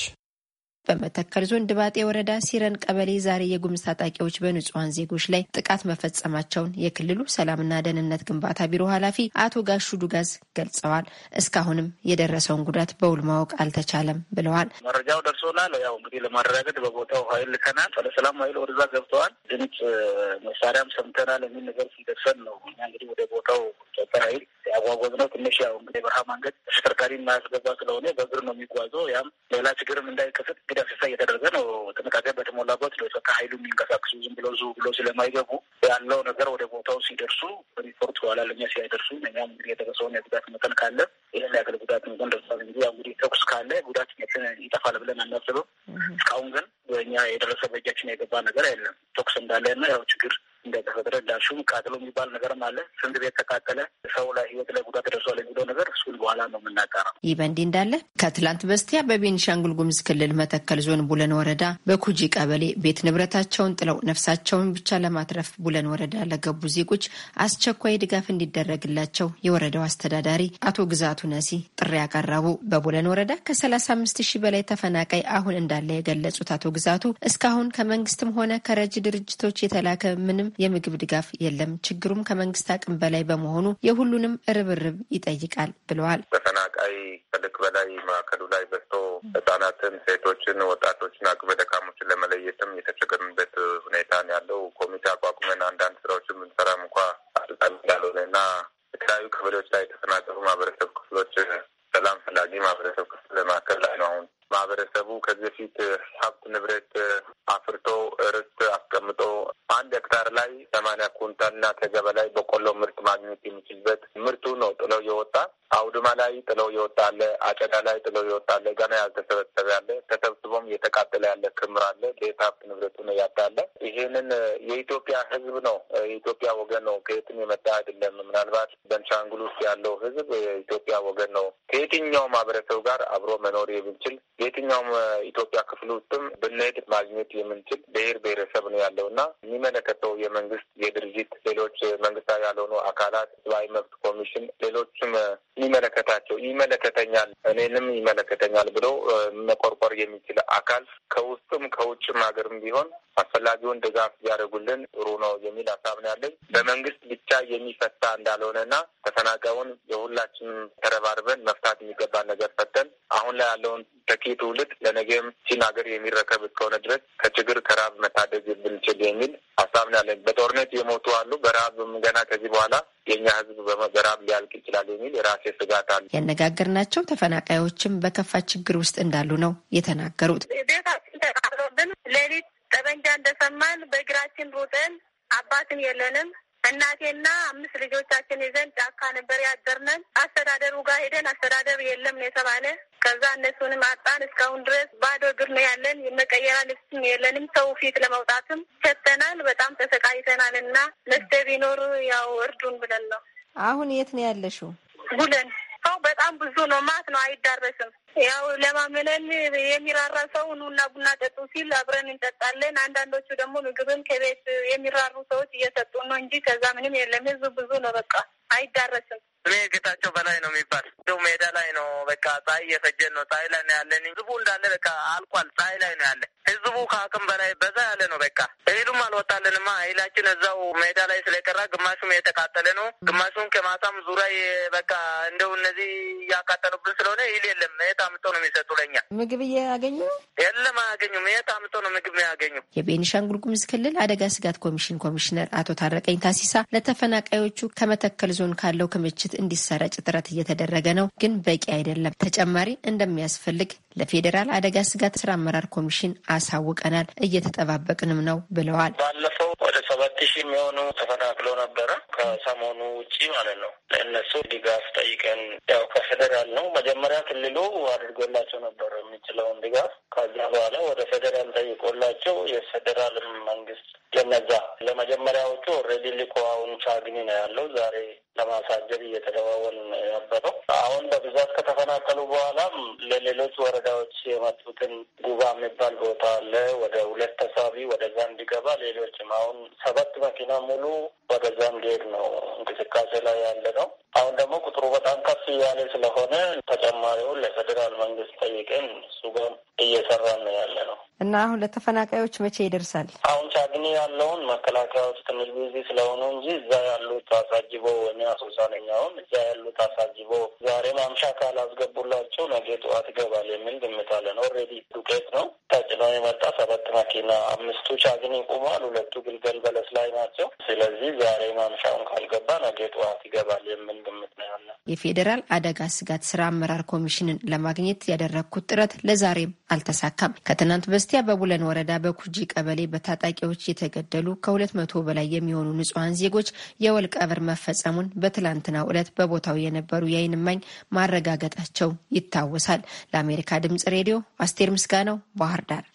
በመተከል ዞን ድባጤ ወረዳ ሲረን ቀበሌ ዛሬ የጉምዝ ታጣቂዎች በንጹሐን ዜጎች ላይ ጥቃት መፈጸማቸውን የክልሉ ሰላምና ደህንነት ግንባታ ቢሮ ኃላፊ አቶ ጋሹ ዱጋዝ ገልጸዋል። እስካሁንም የደረሰውን ጉዳት በውል ማወቅ አልተቻለም ብለዋል። መረጃው ደርሶናል። ያው እንግዲህ ለማረጋገጥ በቦታው ኃይል ልከናል። ለሰላም ኃይል ወደዛ ገብተዋል። ድምፅ መሳሪያም ሰምተናል። የሚል ነገር ሲደርሰን ነው እኛ እንግዲህ ወደ ቦታው ኃይል ያጓጓዝ ነው። ትንሽ ያው እንግዲህ የበረሃ መንገድ ተሽከርካሪ የማያስገባ ስለሆነ በእግር ነው የሚጓዘው። ያም ሌላ ችግርም እንዳይከሰት እንግዲህ አስሳ እየተደረገ ነው። ጥንቃቄ በተሞላበት ነው ከሀይሉ የሚንቀሳቀሱ ዝም ብሎ ዙ ብሎ ስለማይገቡ ያለው ነገር ወደ ቦታው ሲደርሱ ሪፖርት በኋላ ለእኛ ሲያደርሱ እኛም እንግዲህ የደረሰውን የጉዳት መጠን ካለ ይህን ያክል ጉዳት መጠን ደርሷል። እንግዲህ ያው እንግዲህ ተኩስ ካለ ጉዳት ይጠፋል ብለን አናስበው። እስካሁን ግን በእኛ የደረሰ በእጃችን የገባ ነገር የለም። ተኩስ እንዳለ እና ያው ችግር ተረዳሹም ቃጥሎ የሚባል ነገርም አለ። ስንት ቤት ተቃጠለ፣ ሰው ላይ ህይወት ላይ ጉዳት ደርሷል የሚለው ነገር በኋላ ነው የምናቀረው። ይህ በእንዲህ እንዳለ ከትላንት በስቲያ በቤንሻንጉል ጉሙዝ ክልል መተከል ዞን ቡለን ወረዳ በኩጂ ቀበሌ ቤት ንብረታቸውን ጥለው ነፍሳቸውን ብቻ ለማትረፍ ቡለን ወረዳ ለገቡ ዜጎች አስቸኳይ ድጋፍ እንዲደረግላቸው የወረዳው አስተዳዳሪ አቶ ግዛቱ ነሲ ጥሪ ያቀረቡ። በቡለን ወረዳ ከ35 ሺህ በላይ ተፈናቃይ አሁን እንዳለ የገለጹት አቶ ግዛቱ እስካሁን ከመንግስትም ሆነ ከረጅ ድርጅቶች የተላከ ምንም የምግብ ድጋፍ የለም። ችግሩም ከመንግስት አቅም በላይ በመሆኑ የሁሉንም ርብርብ ይጠይቃል ብለዋል። ተፈናቃይ ከልክ በላይ ማዕከሉ ላይ በዝቶ ህጻናትን፣ ሴቶችን፣ ወጣቶችን፣ አቅመ ደካሞችን ለመለየትም የተቸገርንበት ሁኔታ ያለው ኮሚቴ አቋቁመን አንዳንድ ስራዎችን ብንሰራም እንኳ አስጣሚ እንዳልሆነ እና የተለያዩ ቀበሌዎች ላይ የተፈናቀሉ ማህበረሰብ ክፍሎች ሰላም ፈላጊ ማህበረሰብ ክፍል ማዕከል ላይ ነው አሁን ማህበረሰቡ ከዚህ በፊት ሀብት ንብረት አፍርቶ ርስት አስቀምጦ አንድ ሄክታር ላይ ሰማንያ ኩንታልና ተገበ ላይ በቆሎ ምርት ማግኘት የሚችልበት ምርቱ ነው ጥለው የወጣ አውድማ ላይ ጥለው አለ። አጨዳ ላይ ጥለው አለ። ገና ያልተሰበሰበ ያለ፣ ተሰብስቦም እየተቃጠለ ያለ ክምር አለ። ቤት ሀብት ንብረቱ ነው ያጣለ። ይህንን የኢትዮጵያ ህዝብ ነው የኢትዮጵያ ወገን ነው ከየትም የመጣ አይደለም። ምናልባት በንሻንጉል ውስጥ ያለው ህዝብ የኢትዮጵያ ወገን ነው። ከየትኛው ማህበረሰብ ጋር አብሮ መኖር የሚችል የትኛውም ኢትዮጵያ ክፍል ውስጥም ብንሄድ ማግኘት የምንችል ብሔር ብሔረሰብ ነው ያለው እና የሚመለከተው የመንግስት የድርጅት ሌሎች መንግስታዊ ያልሆኑ አካላት ህዝባዊ መብት ኮሚሽን፣ ሌሎችም የሚመለከታቸው ይመለከተኛል፣ እኔንም ይመለከተኛል ብሎ መቆርቆር የሚችል አካል ከውስጥም ከውጭም ሀገርም ቢሆን አስፈላጊውን ድጋፍ ያደርጉልን ጥሩ ነው የሚል ሀሳብ ነው ያለኝ። በመንግስት ብቻ የሚፈታ እንዳልሆነና ተፈናቃዩን የሁላችንም ተረባርበን መፍታት የሚገባ ነገር ፈተን አሁን ላይ ያለውን ተኪ ትውልድ ለነገም ቺን ሀገር የሚረከብ እስከሆነ ድረስ ከችግር ከረሀብ መታደግ ብንችል የሚል ሀሳብ ነው ያለን። በጦርነት የሞቱ አሉ። በረሀብም ገና ከዚህ በኋላ የእኛ ህዝብ በረሀብ ሊያልቅ ይችላል የሚል የራሴ ስጋት አለ። ያነጋገርናቸው ተፈናቃዮችም በከፋ ችግር ውስጥ እንዳሉ ነው የተናገሩት። ቤታችን ተቃጥሎብን ሌሊት ጠበንጃ እንደሰማን በእግራችን ሩጠን አባትም የለንም እናቴና አምስት ልጆቻችን ይዘን ጫካ ነበር ያደርነን። አስተዳደሩ ጋር ሄደን አስተዳደር የለም ነው የተባለ። ከዛ እነሱንም አጣን። እስካሁን ድረስ ባዶ እግር ነው ያለን። የመቀየራ ልብስም የለንም። ሰው ፊት ለመውጣትም ሸተናል። በጣም ተሰቃይተናል። እና መፍትሄ ቢኖር ያው እርዱን ብለን ነው። አሁን የት ነው ያለሽው? ቡለን ሰው በጣም ብዙ ነው። ማት ነው አይዳረስም። ያው ለማመለል የሚራራ ሰው ኑና ቡና ጠጡ ሲል አብረን እንጠጣለን። አንዳንዶቹ ደግሞ ምግብም ከቤት የሚራሩ ሰዎች እየሰጡ ነው እንጂ ከዛ ምንም የለም። ህዝብ ብዙ ነው በቃ አይዳረስም። ስሜ ጌታቸው በላይ ነው የሚባል እንደው ሜዳ ላይ ነው በቃ ፀሐይ እየፈጀን ነው። ፀሐይ ላይ ነው ያለን። ህዝቡ እንዳለ በቃ አልቋል። ፀሐይ ላይ ነው ያለ ህዝቡ ከአቅም በላይ በዛ ያለ ነው። በቃ እህሉም አልወጣልንማ። እህላችን እዛው ሜዳ ላይ ስለቀራ ግማሹም የተቃጠለ ነው፣ ግማሹም ከማሳም ዙሪያ በቃ እንደው እነዚህ እያቃጠሉብን ስለሆነ እህል የለም። የት አምጦ ነው የሚሰጡ ለኛ ምግብ? እያገኙ የለም፣ አያገኙም። የት አምጦ ነው ምግብ ያገኙ? የቤኒሻንጉል ጉሙዝ ክልል አደጋ ስጋት ኮሚሽን ኮሚሽነር አቶ ታረቀኝ ታሲሳ ለተፈናቃዮቹ ከመተከል በየዞን ካለው ክምችት እንዲሰረጭ ጥረት እየተደረገ ነው፣ ግን በቂ አይደለም። ተጨማሪ እንደሚያስፈልግ ለፌዴራል አደጋ ስጋት ስራ አመራር ኮሚሽን አሳውቀናል፣ እየተጠባበቅንም ነው ብለዋል። ባለፈው ወደ ሰባት ሺህ የሚሆኑ ተፈናቅለው ነበረ ከሰሞኑ ውጭ ማለት ነው። ለእነሱ ድጋፍ ጠይቀን ያው ከፌዴራል ነው መጀመሪያ ክልሉ አድርጎላቸው ነበረ የሚችለውን ድጋፍ ከዛ በኋላ ወደ ፌዴራል ጠይቆላቸው የፌዴራል መንግስት ለነዛ ለመጀመሪያዎቹ ኦልሬዲ ሊኮ አሁን ቻግኒ ነው ያለው። ዛሬ ለማሳጀብ እየተደዋወል ነበረው። አሁን በብዛት ከተፈናቀሉ በኋላም ለሌሎች ወረዳዎች የመጡትን ጉባ የሚባል ቦታ አለ። ወደ ሁለት ተሳቢ ወደዛ እንዲገባ ሌሎችም አሁን ሰባት መኪና ሙሉ ወደዛ እንዲሄድ ነው እንቅስቃሴ ላይ ያለ ነው። አሁን ደግሞ ቁጥሩ በጣም ከፍ እያለ ስለሆነ ተጨማሪውን ለፌዴራል መንግስት ጠይቀን እሱ ጋር እየሰራ ነው ያለ ነው እና አሁን ለተፈናቃዮች መቼ ይደርሳል? አሁን ቻግኒ ያለውን ውስጥ ትንሽ ጊዜ ስለሆኑ እንጂ እዛ ያሉት አሳጅቦ ወይም አሶሳነኛ እዛ ያሉት አሳጅቦ ዛሬ ማምሻ ካላስገቡላቸው ነገ ጠዋት ይገባል የሚል ግምታለን። ኦልሬዲ ዱቄት ነው ተጭኖ የመጣ ሰባት መኪና አምስቱ ቻግኒ ቁሟል፣ ሁለቱ ግልገል በለስ ላይ ናቸው። ስለዚህ ዛሬ ማምሻውን ካልገባ ነገ ጠዋት ይገባል የሚል ግምት ነው ያለ። የፌዴራል አደጋ ስጋት ስራ አመራር ኮሚሽንን ለማግኘት ያደረግኩት ጥረት ለዛሬም አልተሳካም። ከትናንት በስቲያ በቡለን ወረዳ በኩጂ ቀበሌ በታጣቂዎች የተገደሉ ከሁለት መቶ በላይ የሚሆኑ ንጹሐን ዜጎች የወል ቀብር መፈጸሙን በትላንትናው ዕለት በቦታው የነበሩ የዓይን እማኝ ማረጋገጣቸው ይታወሳል። ለአሜሪካ ድምጽ ሬዲዮ አስቴር ምስጋናው ባህር ዳር።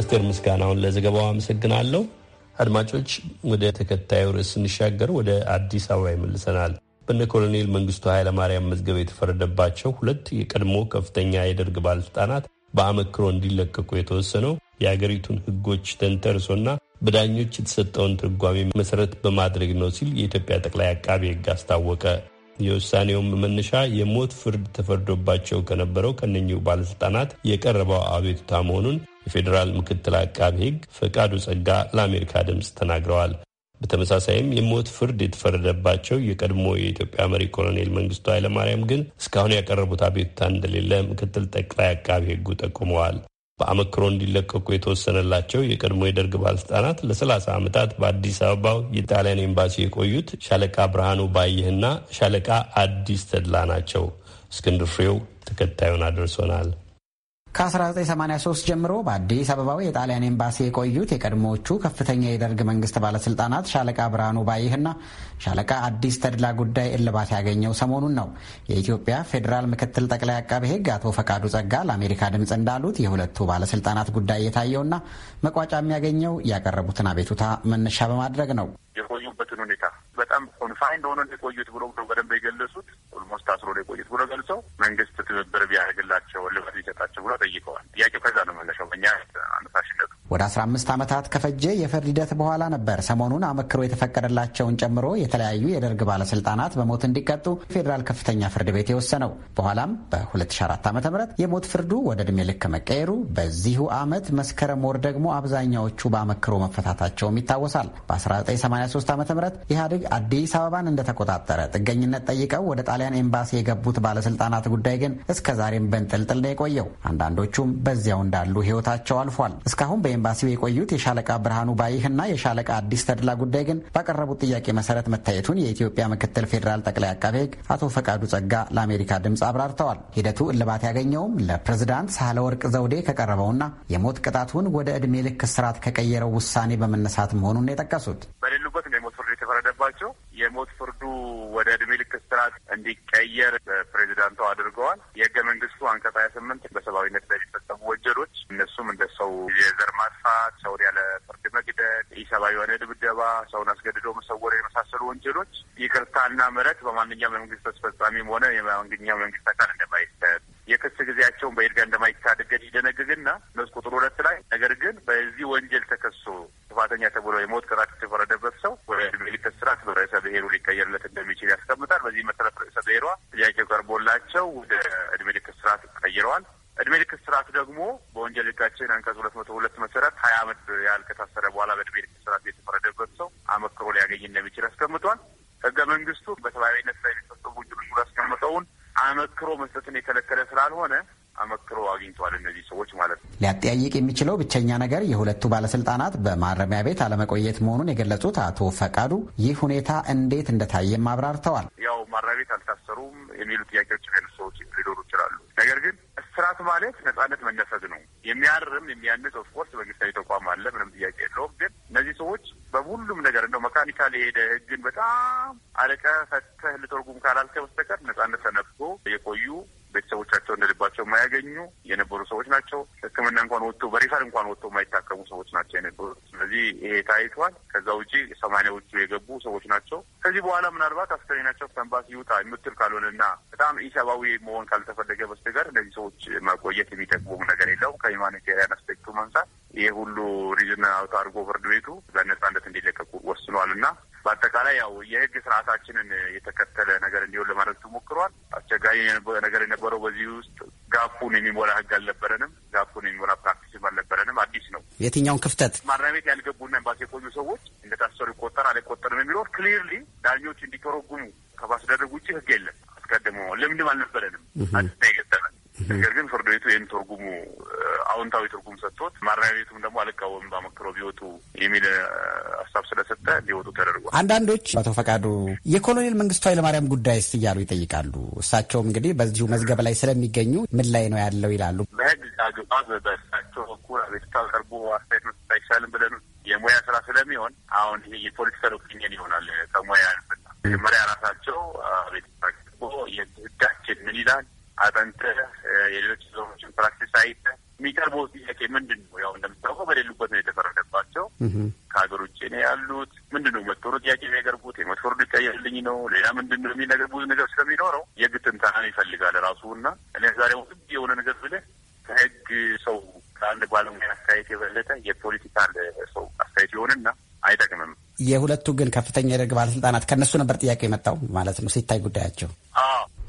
አስቴር ምስጋናውን ለዘገባው አመሰግናለሁ። አድማጮች ወደ ተከታዩ ርዕስ ስንሻገር ወደ አዲስ አበባ ይመልሰናል። በነ ኮሎኔል መንግስቱ ኃይለማርያም መዝገብ የተፈረደባቸው ሁለት የቀድሞ ከፍተኛ የደርግ ባለስልጣናት በአመክሮ እንዲለቀቁ የተወሰነው የአገሪቱን ሕጎች ተንተርሶና በዳኞች የተሰጠውን ትርጓሜ መሰረት በማድረግ ነው ሲል የኢትዮጵያ ጠቅላይ አቃቤ ሕግ አስታወቀ። የውሳኔውም መነሻ የሞት ፍርድ ተፈርዶባቸው ከነበረው ከነኚሁ ባለስልጣናት የቀረበው አቤቱታ መሆኑን የፌዴራል ምክትል አቃቢ ሕግ ፈቃዱ ጸጋ ለአሜሪካ ድምፅ ተናግረዋል። በተመሳሳይም የሞት ፍርድ የተፈረደባቸው የቀድሞ የኢትዮጵያ መሪ ኮሎኔል መንግስቱ ኃይለማርያም ግን እስካሁን ያቀረቡት አቤቱታ እንደሌለ ምክትል ጠቅላይ አቃቢ ሕጉ ጠቁመዋል። በአመክሮ እንዲለቀቁ የተወሰነላቸው የቀድሞ የደርግ ባለስልጣናት ለ30 ዓመታት በአዲስ አበባው የጣሊያን ኤምባሲ የቆዩት ሻለቃ ብርሃኑ ባየህና ሻለቃ አዲስ ተድላ ናቸው። እስክንድር ፍሬው ተከታዩን አድርሶናል። ከ1983 ጀምሮ በአዲስ አበባው የጣሊያን ኤምባሲ የቆዩት የቀድሞዎቹ ከፍተኛ የደርግ መንግስት ባለስልጣናት ሻለቃ ብርሃኑ ባይህና ሻለቃ አዲስ ተድላ ጉዳይ እልባት ያገኘው ሰሞኑን ነው። የኢትዮጵያ ፌዴራል ምክትል ጠቅላይ አቃቤ ሕግ አቶ ፈቃዱ ጸጋ ለአሜሪካ ድምፅ እንዳሉት የሁለቱ ባለስልጣናት ጉዳይ የታየውና መቋጫ የሚያገኘው ያቀረቡትን አቤቱታ መነሻ በማድረግ ነው። የቆዩበትን ሁኔታ በጣም ኮንፋይንድ ሆነ የቆዩት ብሎ በደንብ የገለጹት ኦልሞስት አስሮ ቆይት ብሎ ገልጸው መንግስት ትብብር ቢያደርግላቸው ልበት ሊሰጣቸው ብሎ ጠይቀዋል። ጥያቄው ከዛ ነው መለሻው በእኛ አነሳሽነቱ ወደ 15 ዓመታት ከፈጀ የፍርድ ሂደት በኋላ ነበር ሰሞኑን አመክሮ የተፈቀደላቸውን ጨምሮ የተለያዩ የደርግ ባለስልጣናት በሞት እንዲቀጡ ፌዴራል ከፍተኛ ፍርድ ቤት የወሰነው። በኋላም በ2004 ዓ ም የሞት ፍርዱ ወደ ዕድሜ ልክ መቀየሩ፣ በዚሁ ዓመት መስከረም ወር ደግሞ አብዛኛዎቹ በአመክሮ መፈታታቸውም ይታወሳል። በ1983 ዓ ም ኢህአዴግ አዲስ አበባን እንደተቆጣጠረ ጥገኝነት ጠይቀው ወደ ጣሊያን ኤምባሲ የገቡት ባለስልጣናት ጉዳይ ግን እስከ ዛሬም በንጥልጥል ነው የቆየው። አንዳንዶቹም በዚያው እንዳሉ ህይወታቸው አልፏል። እስካሁን ኤምባሲው የቆዩት የሻለቃ ብርሃኑ ባይህና የሻለቃ አዲስ ተድላ ጉዳይ ግን ባቀረቡት ጥያቄ መሰረት መታየቱን የኢትዮጵያ ምክትል ፌዴራል ጠቅላይ አቃቤ ሕግ አቶ ፈቃዱ ጸጋ ለአሜሪካ ድምፅ አብራርተዋል። ሂደቱ እልባት ያገኘውም ለፕሬዝዳንት ወርቅ ዘውዴ ከቀረበውና የሞት ቅጣቱን ወደ እድሜ ልክ ስርዓት ከቀየረው ውሳኔ በመነሳት መሆኑን የጠቀሱት በሌሉበት የሞት ፍርድ የተፈረደባቸው የሞት ፍርዱ ወደ እድሜ ልክ ስርዓት እንዲቀየር በፕሬዚዳንቱ አድርገዋል። የህገ መንግስቱ አንቀጽ ሀያ ስምንት በሰብአዊነት ላይ የሚፈጸሙ ወንጀሎች እነሱም እንደ ሰው የዘር ማጥፋት፣ ሰውን ያለ ፍርድ መግደል፣ ኢሰብአዊ የሆነ ድብደባ፣ ሰውን አስገድዶ መሰወር የመሳሰሉ ወንጀሎች ይቅርታና ምሕረት በማንኛውም የመንግስት አስፈጻሚም ሆነ የማንኛውም መንግስት አካል እንደማይሰጥ የክስ ጊዜያቸውን በይርጋ እንደማይታደገድ ይደነግግና ንዑስ ቁጥር ሁለት ላይ ነገር ግን በዚህ ወንጀል ተከሶ ጥፋተኛ ተብሎ የሞት ቅጣት የተፈረደበት ሰው ወደ ዕድሜ ልክ እስራት በርዕሰ ብሔሩ ሊቀየርለት እንደሚችል ያስቀምጣል። በዚህ መሰረት ርዕሰ ብሔሯ ጥያቄው ቀርቦላቸው ወደ እድሜ ልክ እስራት ቀይረዋል። እድሜ ልክ እስራት ደግሞ በወንጀል ህጋችን አንቀጽ ሁለት መቶ ሁለት መሰረት ሀያ አመት ያህል ከታሰረ በኋላ በእድሜ ልክ እስራት የተፈረደበት ሰው አመክሮ ሊያገኝ እንደሚችል አስቀምጧል። ህገ መንግስቱ በሰብአዊነት ላይ የሚፈጸሙ ወንጀሎች ያስቀምጠውን አመክሮ መስጠትን የከለከለ ስላልሆነ አመክሮ አግኝቷል። እነዚህ ሰዎች ማለት ነው። ሊያጠያይቅ የሚችለው ብቸኛ ነገር የሁለቱ ባለስልጣናት በማረሚያ ቤት አለመቆየት መሆኑን የገለጹት አቶ ፈቃዱ ይህ ሁኔታ እንዴት እንደታየም አብራርተዋል። ያው ማረሚያ ቤት አልታሰሩም የሚሉ ጥያቄዎች ሰዎች ሊኖሩ ይችላሉ። ነገር ግን ስርዓት ማለት ነጻነት መነፈግ ነው። የሚያርም የሚያንጽ ኦፍኮርስ መንግስታዊ ተቋም አለ፣ ምንም ጥያቄ የለውም። ግን እነዚህ ሰዎች በሁሉም ነገር እንደው መካኒካል የሄደ ህግን በጣም አለቀ ፈተህ ልተርጉም ካላልከ በስተቀር ነጻነት ተነፍጎ የቆዩ ቤተሰቦቻቸው እንደልባቸው የማያገኙ የነበሩ ሰዎች ናቸው። ሕክምና እንኳን ወጥቶ በሪፈር እንኳን ወጥቶ የማይታከሙ ሰዎች ናቸው የነበሩ። ስለዚህ ይሄ ታይቷል። ከዛ ውጪ ሰማንያዎቹ የገቡ ሰዎች ናቸው። ከዚህ በኋላ ምናልባት አስከሬናቸው ከኤምባሲ ይውጣ የምትል ካልሆነና በጣም ኢሰብአዊ መሆን ካልተፈለገ በስተቀር እነዚህ ሰዎች መቆየት የሚጠቅሙም ነገር የለውም። ከሁማኒቴሪያን አስፔክቱ መንሳት ይሄ ሁሉ ሪዝን አውቶ አድርጎ ፍርድ ቤቱ በነጻነት እንዲለቀቁ ወስኗል እና በአጠቃላይ ያው የህግ ስርዓታችንን የተከተለ ነገር እንዲሆን ለማድረግ ተሞክሯል። አስቸጋሪ ነገር የነበረው በዚህ ውስጥ ጋፉን የሚሞላ ህግ አልነበረንም። ጋፉን የሚሞላ ፕራክቲስም አልነበረንም። አዲስ ነው። የትኛውን ክፍተት ማረሚያ ቤት ያልገቡና ኤምባሲ የቆዩ ሰዎች እንደታሰሩ ይቆጠር አልቆጠርም የሚለው ክሊርሊ ዳኞች እንዲተረጉሙ ከማስደረግ ውጭ ህግ የለም። አስቀድሞ ልምድም አልነበረንም። አዲስ ነው የገጠመን ነገር ግን ፍርድ ቤቱ ይህን ትርጉሙ አዎንታዊ ትርጉም ሰጥቶት ማረሚያ ቤቱም ደግሞ አልቃወም በአመክሮ ቢወጡ የሚል ሀሳብ ስለሰጠ እንዲወጡ ተደርጓል። አንዳንዶች አቶ ፈቃዱ የኮሎኔል መንግስቱ ኃይለማርያም ጉዳይ ስ እያሉ ይጠይቃሉ። እሳቸውም እንግዲህ በዚሁ መዝገብ ላይ ስለሚገኙ ምን ላይ ነው ያለው ይላሉ። በህግ አግባብ በእሳቸው በኩል አቤቱታ ቀርቦ አስተያየት መስጠት አይቻልም ብለን የሙያ ስራ ስለሚሆን አሁን ይሄ የፖለቲካል ኦፒኒየን ይሆናል ከሙያ ያልፍና መጀመሪያ ራሳቸው አቤቱታ ቀርቦ የህጋችን ምን ይላል አጠንተህ የሌሎች ዞኖችን ፕራክቲስ አይተ የሚቀርበው ጥያቄ ምንድን ነው? ያው እንደምታውቀው በሌሉበት ነው የተፈረደባቸው። ከሀገር ውጭ ነው ያሉት። ምንድን ነው መጥፎ ጥያቄ የሚያቀርቡት? የመጥፎ ፍርድ ያለኝ ነው ሌላ ምንድን ነው የሚነገር ብዙ ነገር ስለሚኖረው የህግ ትንተናን ይፈልጋል ራሱ እና እኔ ዛሬ ውድ የሆነ ነገር ብለ ከህግ ሰው ከአንድ ባለሙያ አስተያየት የበለጠ የፖለቲካ ሰው አስተያየት ይሆንና አይጠቅምም። የሁለቱ ግን ከፍተኛ የደርግ ባለስልጣናት ከእነሱ ነበር ጥያቄ የመጣው ማለት ነው ሲታይ ጉዳያቸው።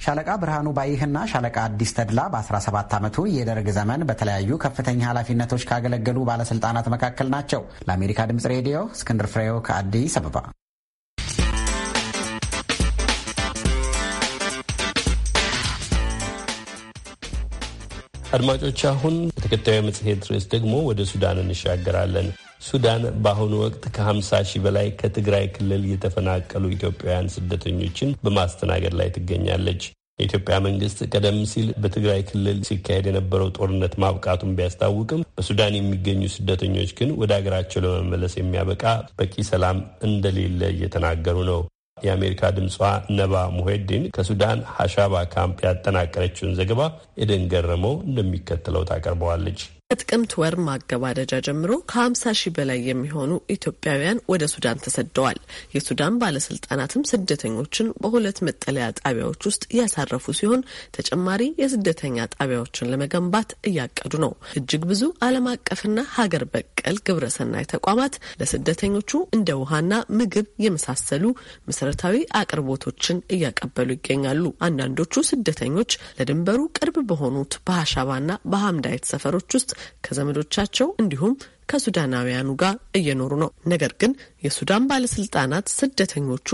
ሻለቃ ብርሃኑ ባይህና ሻለቃ አዲስ ተድላ በ17 ዓመቱ የደርግ ዘመን በተለያዩ ከፍተኛ ኃላፊነቶች ካገለገሉ ባለስልጣናት መካከል ናቸው። ለአሜሪካ ድምፅ ሬዲዮ እስክንድር ፍሬው ከአዲስ አበባ። አድማጮች አሁን በተከታዩ መጽሔት ርዕስ ደግሞ ወደ ሱዳን እንሻገራለን። ሱዳን በአሁኑ ወቅት ከ50 ሺህ በላይ ከትግራይ ክልል የተፈናቀሉ ኢትዮጵያውያን ስደተኞችን በማስተናገድ ላይ ትገኛለች። የኢትዮጵያ መንግስት ቀደም ሲል በትግራይ ክልል ሲካሄድ የነበረው ጦርነት ማብቃቱን ቢያስታውቅም በሱዳን የሚገኙ ስደተኞች ግን ወደ አገራቸው ለመመለስ የሚያበቃ በቂ ሰላም እንደሌለ እየተናገሩ ነው። የአሜሪካ ድምጿ ነባ ሙሄዲን ከሱዳን ሀሻባ ካምፕ ያጠናቀረችውን ዘገባ ኤደን ገረመው እንደሚከተለው ታቀርበዋለች። ከጥቅምት ወር ማገባደጃ ጀምሮ ከ50 ሺህ በላይ የሚሆኑ ኢትዮጵያውያን ወደ ሱዳን ተሰደዋል። የሱዳን ባለስልጣናትም ስደተኞችን በሁለት መጠለያ ጣቢያዎች ውስጥ እያሳረፉ ሲሆን ተጨማሪ የስደተኛ ጣቢያዎችን ለመገንባት እያቀዱ ነው። እጅግ ብዙ ዓለም አቀፍና ሀገር በቀል ግብረሰናይ ተቋማት ለስደተኞቹ እንደ ውሃና ምግብ የመሳሰሉ መሰረታዊ አቅርቦቶችን እያቀበሉ ይገኛሉ። አንዳንዶቹ ስደተኞች ለድንበሩ ቅርብ በሆኑት በሀሻባና በሀምዳይት ሰፈሮች ውስጥ ከዘመዶቻቸው እንዲሁም ከሱዳናውያኑ ጋር እየኖሩ ነው። ነገር ግን የሱዳን ባለስልጣናት ስደተኞቹ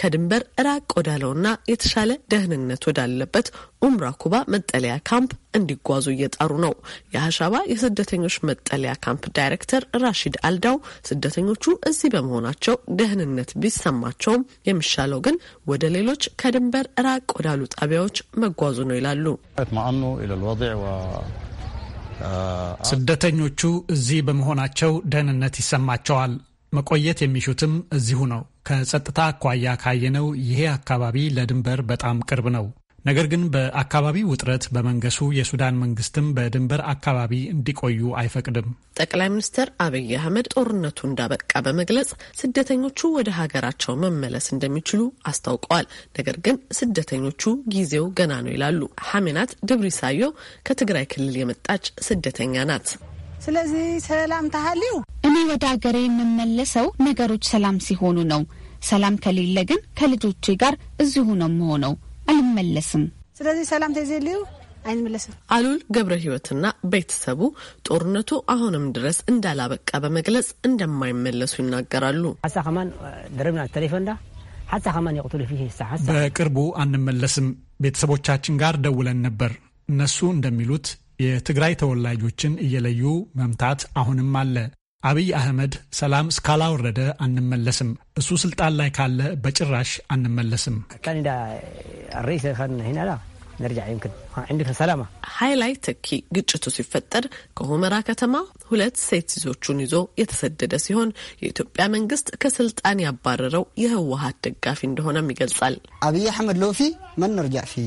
ከድንበር ራቅ ወዳለውና የተሻለ ደህንነት ወዳለበት ኡምራ ኩባ መጠለያ ካምፕ እንዲጓዙ እየጣሩ ነው። የአሻባ የስደተኞች መጠለያ ካምፕ ዳይሬክተር ራሺድ አልዳው ስደተኞቹ እዚህ በመሆናቸው ደህንነት ቢሰማቸውም የሚሻለው ግን ወደ ሌሎች ከድንበር ራቅ ወዳሉ ጣቢያዎች መጓዙ ነው ይላሉ። ስደተኞቹ እዚህ በመሆናቸው ደህንነት ይሰማቸዋል። መቆየት የሚሹትም እዚሁ ነው። ከጸጥታ አኳያ ካየነው ይሄ አካባቢ ለድንበር በጣም ቅርብ ነው። ነገር ግን በአካባቢ ውጥረት በመንገሱ የሱዳን መንግስትም በድንበር አካባቢ እንዲቆዩ አይፈቅድም። ጠቅላይ ሚኒስትር አብይ አህመድ ጦርነቱ እንዳበቃ በመግለጽ ስደተኞቹ ወደ ሀገራቸው መመለስ እንደሚችሉ አስታውቀዋል። ነገር ግን ስደተኞቹ ጊዜው ገና ነው ይላሉ። ሀሜናት ድብሪ ሳዮ ከትግራይ ክልል የመጣች ስደተኛ ናት። ስለዚህ ሰላም ታህሊው እኔ ወደ ሀገሬ የምመለሰው ነገሮች ሰላም ሲሆኑ ነው። ሰላም ከሌለ ግን ከልጆቼ ጋር እዚሁ ነው መሆነው አልመለስም። ስለዚህ ሰላም ተዜልዩ አይንመለስም አሉል ገብረ ህይወትና ቤተሰቡ ጦርነቱ አሁንም ድረስ እንዳላበቃ በመግለጽ እንደማይመለሱ ይናገራሉ። በቅርቡ አንመለስም። ቤተሰቦቻችን ጋር ደውለን ነበር። እነሱ እንደሚሉት የትግራይ ተወላጆችን እየለዩ መምታት አሁንም አለ። አብይ አህመድ ሰላም እስካላወረደ አንመለስም፣ እሱ ስልጣን ላይ ካለ በጭራሽ አንመለስም። ሀይላይ ተኪ ግጭቱ ሲፈጠር ከሆመራ ከተማ ሁለት ሴት ልጆቹን ይዞ የተሰደደ ሲሆን የኢትዮጵያ መንግስት ከስልጣን ያባረረው የህወሀት ደጋፊ እንደሆነም ይገልጻል። አብይ አህመድ ሎፊ መን ፊ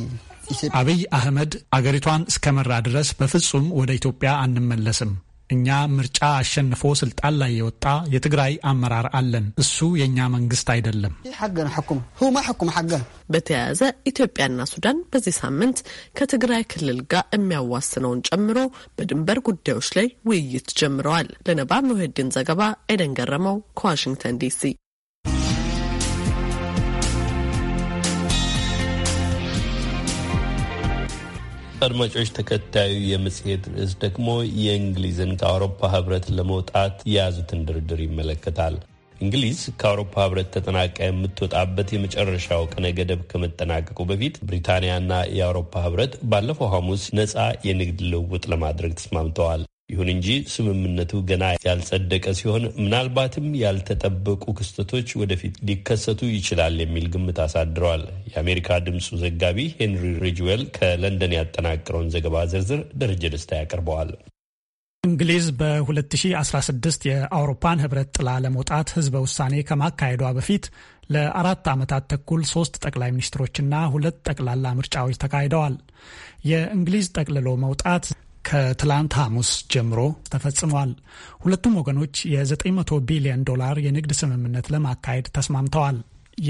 አብይ አህመድ አገሪቷን እስከመራ ድረስ በፍጹም ወደ ኢትዮጵያ አንመለስም እኛ ምርጫ አሸንፎ ስልጣን ላይ የወጣ የትግራይ አመራር አለን። እሱ የእኛ መንግስት አይደለም። በተያያዘ ኢትዮጵያና ሱዳን በዚህ ሳምንት ከትግራይ ክልል ጋር የሚያዋስነውን ጨምሮ በድንበር ጉዳዮች ላይ ውይይት ጀምረዋል። ለነባ ሙሄድን ዘገባ ኤደን ገረመው ከዋሽንግተን ዲሲ አድማጮች ተከታዩ የመጽሔት ርዕስ ደግሞ የእንግሊዝን ከአውሮፓ ህብረት ለመውጣት የያዙትን ድርድር ይመለከታል። እንግሊዝ ከአውሮፓ ህብረት ተጠናቃ የምትወጣበት የመጨረሻው ቀነ ገደብ ከመጠናቀቁ በፊት ብሪታንያና የአውሮፓ ህብረት ባለፈው ሐሙስ ነፃ የንግድ ልውውጥ ለማድረግ ተስማምተዋል። ይሁን እንጂ ስምምነቱ ገና ያልጸደቀ ሲሆን ምናልባትም ያልተጠበቁ ክስተቶች ወደፊት ሊከሰቱ ይችላል የሚል ግምት አሳድረዋል። የአሜሪካ ድምፁ ዘጋቢ ሄንሪ ሪጅዌል ከለንደን ያጠናቀረውን ዘገባ ዝርዝር ደረጀ ደስታ ያቀርበዋል። እንግሊዝ በ2016 የአውሮፓን ህብረት ጥላ ለመውጣት ህዝበ ውሳኔ ከማካሄዷ በፊት ለአራት ዓመታት ተኩል ሶስት ጠቅላይ ሚኒስትሮችና ሁለት ጠቅላላ ምርጫዎች ተካሂደዋል። የእንግሊዝ ጠቅልሎ መውጣት ከትላንት ሐሙስ ጀምሮ ተፈጽመዋል። ሁለቱም ወገኖች የ900 ቢሊዮን ዶላር የንግድ ስምምነት ለማካሄድ ተስማምተዋል።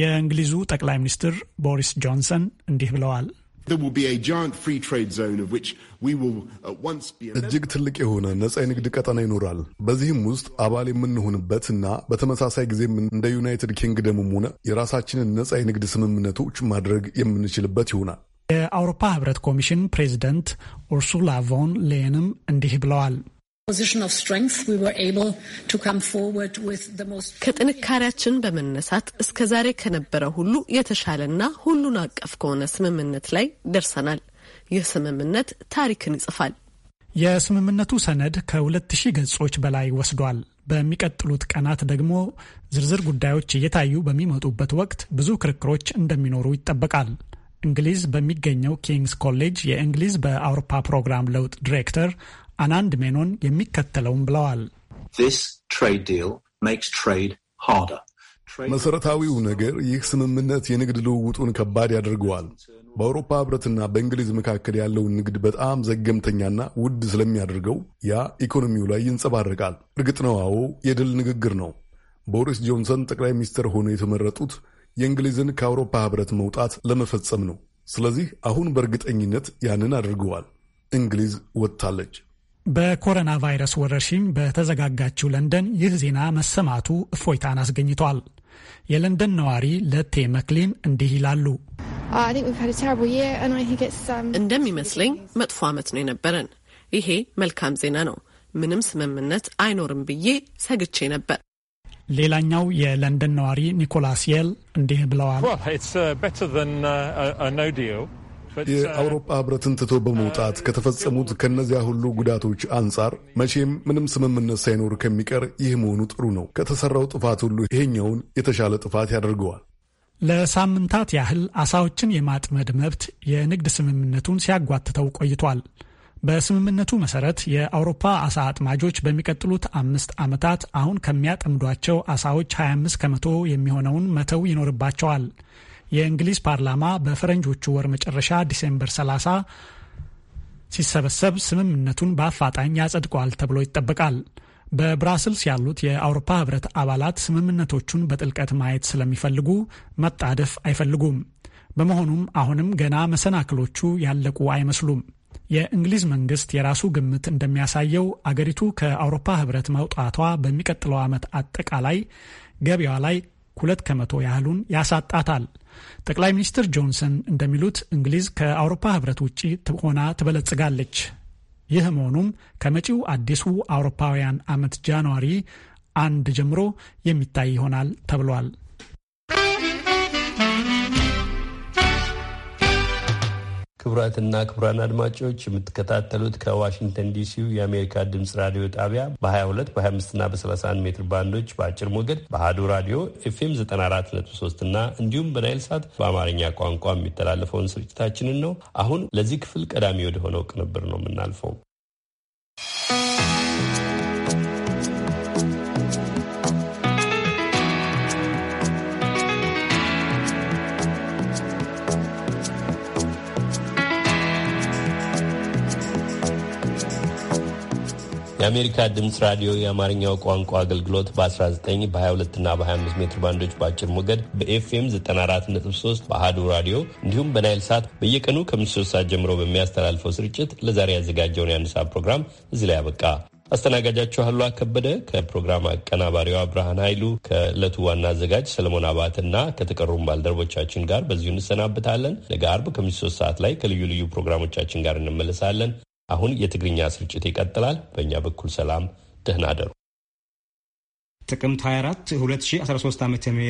የእንግሊዙ ጠቅላይ ሚኒስትር ቦሪስ ጆንሰን እንዲህ ብለዋል። uh, እጅግ ትልቅ የሆነ ነጻ የንግድ ቀጠና ይኖራል። በዚህም ውስጥ አባል የምንሆንበትና በተመሳሳይ ጊዜም እንደ ዩናይትድ ኪንግደምም ሆነ የራሳችንን ነጻ የንግድ ስምምነቶች ማድረግ የምንችልበት ይሆናል። የአውሮፓ ህብረት ኮሚሽን ፕሬዚደንት ኡርሱላ ቮን ሌየንም እንዲህ ብለዋል። ከጥንካሬያችን በመነሳት እስከ ዛሬ ከነበረው ሁሉ የተሻለና ሁሉን አቀፍ ከሆነ ስምምነት ላይ ደርሰናል። ይህ ስምምነት ታሪክን ይጽፋል። የስምምነቱ ሰነድ ከሁለት ሺህ ገጾች በላይ ወስዷል። በሚቀጥሉት ቀናት ደግሞ ዝርዝር ጉዳዮች እየታዩ በሚመጡበት ወቅት ብዙ ክርክሮች እንደሚኖሩ ይጠበቃል። እንግሊዝ በሚገኘው ኪንግስ ኮሌጅ የእንግሊዝ በአውሮፓ ፕሮግራም ለውጥ ዲሬክተር አናንድ ሜኖን የሚከተለውን ብለዋል። መሰረታዊው ነገር ይህ ስምምነት የንግድ ልውውጡን ከባድ ያደርገዋል። በአውሮፓ ህብረትና በእንግሊዝ መካከል ያለውን ንግድ በጣም ዘገምተኛና ውድ ስለሚያደርገው ያ ኢኮኖሚው ላይ ይንጸባረቃል። እርግጥ ነው፣ አዎ የድል ንግግር ነው። ቦሪስ ጆንሰን ጠቅላይ ሚኒስትር ሆነው የተመረጡት የእንግሊዝን ከአውሮፓ ህብረት መውጣት ለመፈጸም ነው። ስለዚህ አሁን በእርግጠኝነት ያንን አድርገዋል። እንግሊዝ ወጥታለች። በኮሮና ቫይረስ ወረርሽኝ በተዘጋጋችው ለንደን ይህ ዜና መሰማቱ እፎይታን አስገኝቷል። የለንደን ነዋሪ ለቴ መክሊን እንዲህ ይላሉ። እንደሚመስለኝ መጥፎ ዓመት ነው የነበረን። ይሄ መልካም ዜና ነው። ምንም ስምምነት አይኖርም ብዬ ሰግቼ ነበር። ሌላኛው የለንደን ነዋሪ ኒኮላስ የል እንዲህ ብለዋል። uh, uh, uh, የአውሮፓ ህብረትን ትቶ በመውጣት ከተፈጸሙት ከእነዚያ ሁሉ ጉዳቶች አንጻር መቼም ምንም ስምምነት ሳይኖር ከሚቀር ይህ መሆኑ ጥሩ ነው። ከተሰራው ጥፋት ሁሉ ይሄኛውን የተሻለ ጥፋት ያደርገዋል። ለሳምንታት ያህል አሳዎችን የማጥመድ መብት የንግድ ስምምነቱን ሲያጓትተው ቆይቷል። በስምምነቱ መሰረት የአውሮፓ አሳ አጥማጆች በሚቀጥሉት አምስት ዓመታት አሁን ከሚያጠምዷቸው አሳዎች 25 ከመቶ የሚሆነውን መተው ይኖርባቸዋል። የእንግሊዝ ፓርላማ በፈረንጆቹ ወር መጨረሻ ዲሴምበር 30 ሲሰበሰብ ስምምነቱን በአፋጣኝ ያጸድቋል ተብሎ ይጠበቃል። በብራስልስ ያሉት የአውሮፓ ህብረት አባላት ስምምነቶቹን በጥልቀት ማየት ስለሚፈልጉ መጣደፍ አይፈልጉም። በመሆኑም አሁንም ገና መሰናክሎቹ ያለቁ አይመስሉም። የእንግሊዝ መንግስት የራሱ ግምት እንደሚያሳየው አገሪቱ ከአውሮፓ ህብረት መውጣቷ በሚቀጥለው ዓመት አጠቃላይ ገቢዋ ላይ ሁለት ከመቶ ያህሉን ያሳጣታል። ጠቅላይ ሚኒስትር ጆንሰን እንደሚሉት እንግሊዝ ከአውሮፓ ህብረት ውጭ ሆና ትበለጽጋለች። ይህ መሆኑም ከመጪው አዲሱ አውሮፓውያን ዓመት ጃንዋሪ አንድ ጀምሮ የሚታይ ይሆናል ተብሏል። ክቡራትና ክቡራን አድማጮች የምትከታተሉት ከዋሽንግተን ዲሲው የአሜሪካ ድምጽ ራዲዮ ጣቢያ በ22 በ25ና በ31 ሜትር ባንዶች በአጭር ሞገድ በአሀዱ ራዲዮ ኤፍኤም 943 እና እንዲሁም በናይል ሳት በአማርኛ ቋንቋ የሚተላለፈውን ስርጭታችንን ነው። አሁን ለዚህ ክፍል ቀዳሚ ወደሆነው ቅንብር ነው የምናልፈው። የአሜሪካ ድምፅ ራዲዮ የአማርኛው ቋንቋ አገልግሎት በ19 በ22 እና በ25 ሜትር ባንዶች በአጭር ሞገድ በኤፍኤም 943 በአህዱ ራዲዮ እንዲሁም በናይል ሳት በየቀኑ ከምሽቱ ሶስት ሰዓት ጀምሮ በሚያስተላልፈው ስርጭት ለዛሬ ያዘጋጀውን የአንድ ሰዓት ፕሮግራም እዚህ ላይ አበቃ። አስተናጋጃችሁ አሉላ ከበደ ከፕሮግራም አቀናባሪዋ ብርሃን ኃይሉ ከዕለቱ ዋና አዘጋጅ ሰለሞን አባትና ከተቀሩም ባልደረቦቻችን ጋር በዚሁ እንሰናብታለን። ነገ አርብ ከምሽቱ ሶስት ሰዓት ላይ ከልዩ ልዩ ፕሮግራሞቻችን ጋር እንመለሳለን። አሁን የትግርኛ ስርጭት ይቀጥላል። በእኛ በኩል ሰላም፣ ደህና አደሩ። ጥቅምት 24 2013 ዓ ም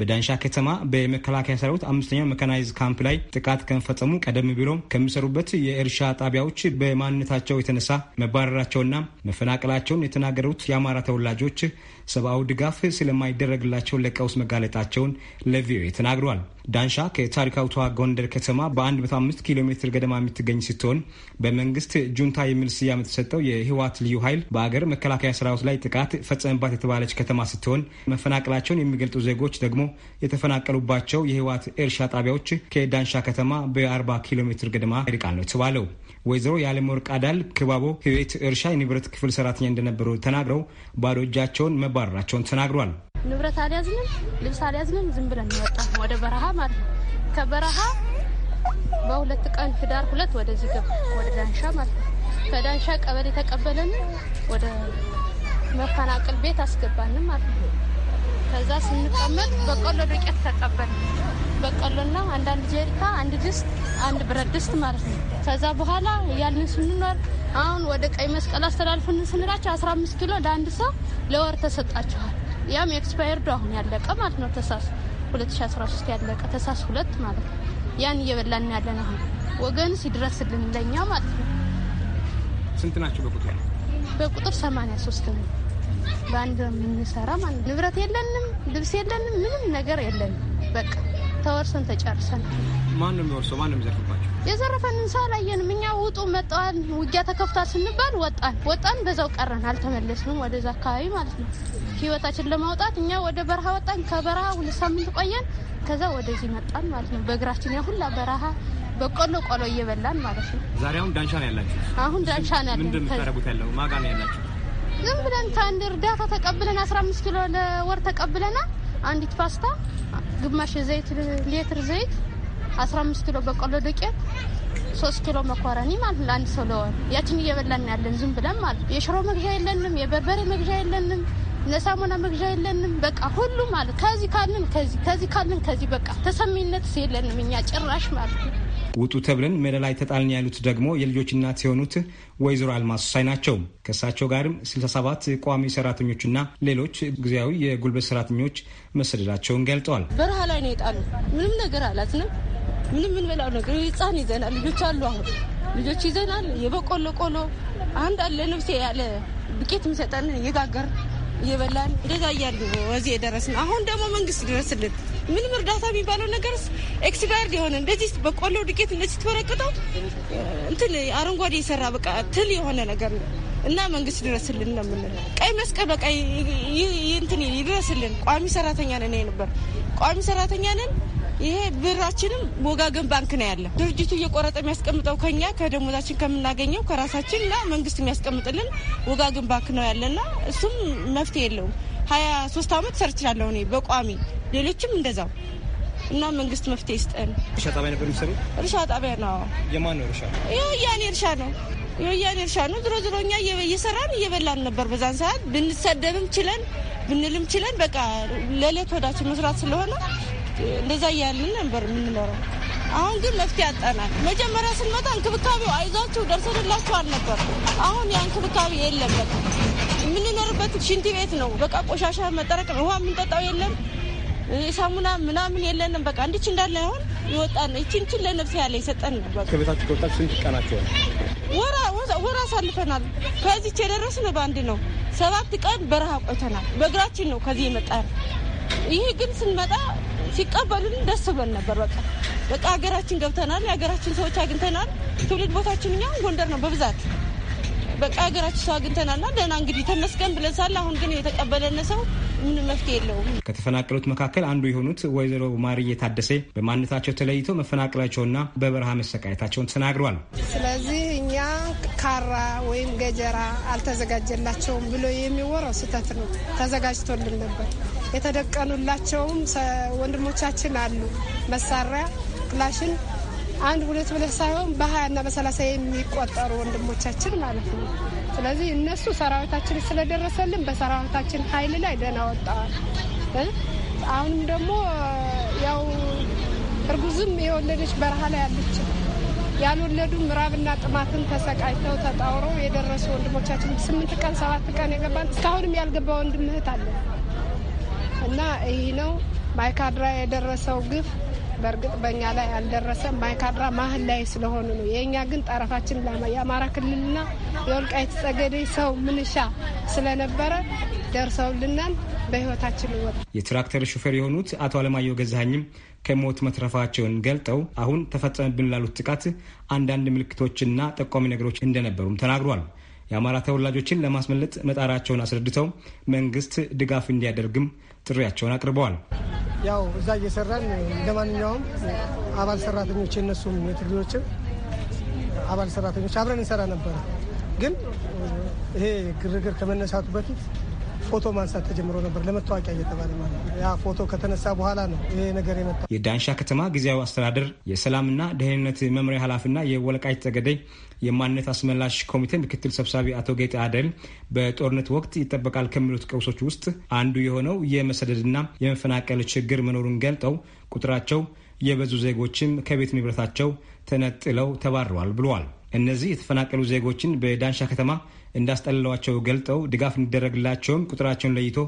በዳንሻ ከተማ በመከላከያ ሰራዊት አምስተኛው መካናይዝ ካምፕ ላይ ጥቃት ከመፈጸሙ ቀደም ብሎ ከሚሰሩበት የእርሻ ጣቢያዎች በማንነታቸው የተነሳ መባረራቸውና መፈናቀላቸውን የተናገሩት የአማራ ተወላጆች ሰብአዊ ድጋፍ ስለማይደረግላቸው ለቀውስ መጋለጣቸውን ለቪኦኤ ተናግሯል። ዳንሻ ከታሪካዊቷ ጎንደር ከተማ በ15 ኪሎ ሜትር ገደማ የምትገኝ ስትሆን በመንግስት ጁንታ የሚል ስያሜ የተሰጠው የህወሓት ልዩ ኃይል በአገር መከላከያ ሰራዊት ላይ ጥቃት ፈጸመባት የተባለች ከተማ ስትሆን መፈናቀላቸውን የሚገልጡ ዜጎች ደግሞ የተፈናቀሉባቸው የህወሓት እርሻ ጣቢያዎች ከዳንሻ ከተማ በ40 ኪሎ ሜትር ገደማ ይርቃል ነው የተባለው። ወይዘሮ የዓለምወርቅ አዳል ክባቦ ህቤት እርሻ የንብረት ክፍል ሰራተኛ እንደነበሩ ተናግረው ባዶ እጃቸውን መባረራቸውን ተናግሯል። ንብረት አልያዝንም፣ ልብስ አልያዝንም። ዝም ብለን ወጣ ወደ በረሃ ማለት ነው። ከበረሃ በሁለት ቀን ህዳር ሁለት ወደዚህ ገባ ወደ ዳንሻ ማለት ነው። ከዳንሻ ቀበሌ የተቀበለን ወደ መፈናቀል ቤት አስገባንም ማለት ነው። ከዛ ስንቀመጥ በቆሎ ዱቄት ተቀበል በቆሎና አንዳንድ ጀሪካ፣ አንድ ድስት፣ አንድ ብረት ድስት ማለት ነው። ከዛ በኋላ ያልን ስንኖር አሁን ወደ ቀይ መስቀል አስተላልፉን ስንላቸው 15 ኪሎ ለአንድ ሰው ለወር ተሰጣችኋል። ያም ኤክስፓየርዶ አሁን ያለቀ ማለት ነው። ተሳስ 2013 ያለቀ ተሳስ ሁለት ማለት ነው። ያን እየበላን ያለን አሁን ወገን ሲድረስልን ለኛ ማለት ነው። ስንት ናቸው በቁጥር? በቁጥር 83 ነው። በአንድ የምንሰራ ማለት ነው። ንብረት የለንም፣ ልብስ የለንም፣ ምንም ነገር የለንም። በቃ ተወርሰን ተጨርሰን። ማንም ነው የሚወርሰው? ማን ነው የዘረፈንን ሰው አላየንም እኛ። ውጡ መጠዋል፣ ውጊያ ተከፍቷል ስንባል ወጣን ወጣን፣ በዛው ቀረን፣ አልተመለስንም ወደዛ አካባቢ ማለት ነው። ህይወታችን ለማውጣት እኛ ወደ በረሃ ወጣን። ከበረሃ ሁለት ሳምንት ቆየን፣ ከዛ ወደዚህ መጣን ማለት ነው። በእግራችን ያሁላ በረሃ በቆሎ ቆሎ እየበላን ማለት ነው። ዛሬ አሁን ዳንሻ ነው ያላችሁ? አሁን ዳንሻ ነው ያለ። ምንድን ያለው ማጋ ነው ያላችሁ ዝም ብለን ከአንድ እርዳታ ተቀብለን 15 ኪሎ ለወር ተቀብለናል። አንዲት ፓስታ፣ ግማሽ ዘይት ሌትር ዘይት፣ 15 ኪሎ በቆሎ ዱቄት፣ 3 ኪሎ መኮረኒ ማለት ለአንድ ሰው ለወር። ያችን እየበላን ያለን ዝም ብለን ማለት የሽሮ መግዣ የለንም፣ የበርበሬ መግዣ የለንም፣ ነሳሙና መግዣ የለንም። በቃ ሁሉ ማለት ከዚህ ካልን ከዚህ ከዚህ ካልን ከዚህ በቃ ተሰሚነት የለንም እኛ ጭራሽ ማለት ነው። ውጡ ተብለን ሜዳ ላይ ተጣልን ያሉት ደግሞ የልጆች እናት የሆኑት ወይዘሮ አልማስ ሳይ ናቸው። ከእሳቸው ጋርም 67 ቋሚ ሰራተኞችና ሌሎች ጊዜያዊ የጉልበት ሰራተኞች መሰደዳቸውን ገልጠዋል። በረሃ ላይ ነው የጣሉ። ምንም ነገር አላትንም። ምንም የምንበላው ነገር ህፃን ይዘናል። ልጆች አሉ። አሁን ልጆች ይዘናል። የበቆሎ ቆሎ አንድ አለ ልብሴ ያለ ብቄት የሚሰጠን እየጋገር እየበላን እንደዛ እያሉ ወዚህ የደረስን። አሁን ደግሞ መንግስት ድረስልን ምንም እርዳታ የሚባለው ነገርስ ኤክስፓየርድ የሆነ እንደዚህ በቆሎ ዱቄት እንደዚህ ተወረቅጠው እንትን አረንጓዴ የሰራ በቃ ትል የሆነ ነገር ነው እና መንግስት ድረስልን ነው የምንለው። ቀይ መስቀል በቃ እንትን ይድረስልን። ቋሚ ሰራተኛ ነን ነበር ቋሚ ሰራተኛ ነን። ይሄ ብራችንም ወጋገን ባንክ ነው ያለ። ድርጅቱ እየቆረጠ የሚያስቀምጠው ከኛ ከደሞዛችን ከምናገኘው ከራሳችን እና መንግስት የሚያስቀምጥልን ወጋገን ባንክ ነው ያለና እሱም መፍትሄ የለውም። ሀያ ሶስት አመት ሰርችላለሁ እኔ በቋሚ ሌሎችም እንደዛው እና መንግስት መፍትሄ ይስጠን። እርሻ ጣቢያ ነበር የሚሰሩት። እርሻ ጣቢያ ነው። የማን ነው እርሻ? የወያኔ እርሻ ነው። የወያኔ እርሻ ነው። ዝሮ ዝሮ እኛ እየሰራን እየበላን ነበር። በዛን ሰዓት ብንሰደብም ችለን ብንልም ችለን በቃ ለሌት ወዳችን መስራት ስለሆነ እንደዛ እያልን ነበር የምንኖረው። አሁን ግን መፍትሄ ያጣናል። መጀመሪያ ስንመጣ እንክብካቤው አይዟችሁ ደርሰንላችኋል ነበር። አሁን ያ እንክብካቤ የለም። በቃ የምንኖርበት ሽንት ቤት ነው። በቃ ቆሻሻ መጠረቅ ውሃ የምንጠጣው የለም ሳሙና ምናምን የለንም። በቃ እንዲች እንዳለ አሁን ይወጣን ይችንችን ለነፍስ ያለ የሰጠን ከቤታችሁ ከወጣችሁ ስንት ቀናችሁ? ወራ አሳልፈናል። ከዚች ነው በአንድ ነው። ሰባት ቀን በረሃ ቆይተናል። በእግራችን ነው ከዚህ የመጣ ይህ ግን ስንመጣ ሲቀበሉን ደስ ብለን ነበር። በቃ በቃ ሀገራችን ገብተናል። የሀገራችን ሰዎች አግኝተናል። ትውልድ ቦታችን እኛ ጎንደር ነው በብዛት በቃ ሀገራችን ሰው አግኝተናልና ደህና እንግዲህ ተመስገን ብለን ሳለ አሁን ግን የተቀበለን ሰው ምን መፍትሄ የለውም። ከተፈናቀሉት መካከል አንዱ የሆኑት ወይዘሮ ማርዬ ታደሰ በማንነታቸው ተለይቶ መፈናቀላቸውና በበረሃ መሰቃየታቸውን ተናግረዋል። ስለዚህ እኛ ካራ ወይም ገጀራ አልተዘጋጀላቸውም ብሎ የሚወራው ስህተት ነው። ተዘጋጅቶልን ነበር። የተደቀኑላቸውም ወንድሞቻችን አሉ መሳሪያ ክላሽን አንድ ሁለት ብለህ ሳይሆን በሀያ እና በሰላሳ የሚቆጠሩ ወንድሞቻችን ማለት ነው። ስለዚህ እነሱ ሰራዊታችን ስለደረሰልን በሰራዊታችን ኃይል ላይ ደህና ወጣዋል። አሁንም ደግሞ ያው እርጉዝም የወለደች በረሃ ላይ ያለች ያልወለዱ ምራብና ጥማትን ተሰቃይተው ተጣውረው የደረሱ ወንድሞቻችን ስምንት ቀን ሰባት ቀን የገባን እስካሁንም ያልገባ ወንድምህት አለ እና ይህ ነው ማይካድራ የደረሰው ግፍ በእርግጥ በእኛ ላይ አልደረሰም። ማይካድራ ማህል ላይ ስለሆኑ ነው። የእኛ ግን ጠረፋችን የአማራ ክልልና የወልቃይት ጠገዴ ሰው ምንሻ ስለነበረ ደርሰውልናል። በህይወታችን ወጥ የትራክተር ሹፌር የሆኑት አቶ አለማየሁ ገዛሀኝም ከሞት መትረፋቸውን ገልጠው አሁን ተፈጸመብን ላሉት ጥቃት አንዳንድ ምልክቶችና ጠቋሚ ነገሮች እንደነበሩም ተናግሯል። የአማራ ተወላጆችን ለማስመለጥ መጣራቸውን አስረድተው መንግስት ድጋፍ እንዲያደርግም ጥሪያቸውን አቅርበዋል። ያው እዛ እየሰራን እንደ ማንኛውም አባል ሰራተኞች የነሱም የትግሎችም አባል ሰራተኞች አብረን እንሰራ ነበረ። ግን ይሄ ግርግር ከመነሳቱ በፊት ፎቶ ማንሳት ተጀምሮ ነበር ለመታወቂያ እየተባለ ማለት ነው። ያ ፎቶ ከተነሳ በኋላ ነው ይሄ ነገር የመጣ። የዳንሻ ከተማ ጊዜያዊ አስተዳደር የሰላምና ደህንነት መምሪያ ኃላፊና የወልቃይት ጠገዴ የማንነት አስመላሽ ኮሚቴ ምክትል ሰብሳቢ አቶ ጌጤ አደል በጦርነት ወቅት ይጠበቃል ከሚሉት ቀውሶች ውስጥ አንዱ የሆነው የመሰደድና የመፈናቀል ችግር መኖሩን ገልጠው ቁጥራቸው የበዙ ዜጎችም ከቤት ንብረታቸው ተነጥለው ተባረዋል ብለዋል። እነዚህ የተፈናቀሉ ዜጎችን በዳንሻ ከተማ እንዳስጠልለዋቸው ገልጠው ድጋፍ እንዲደረግላቸውም ቁጥራቸውን ለይቶ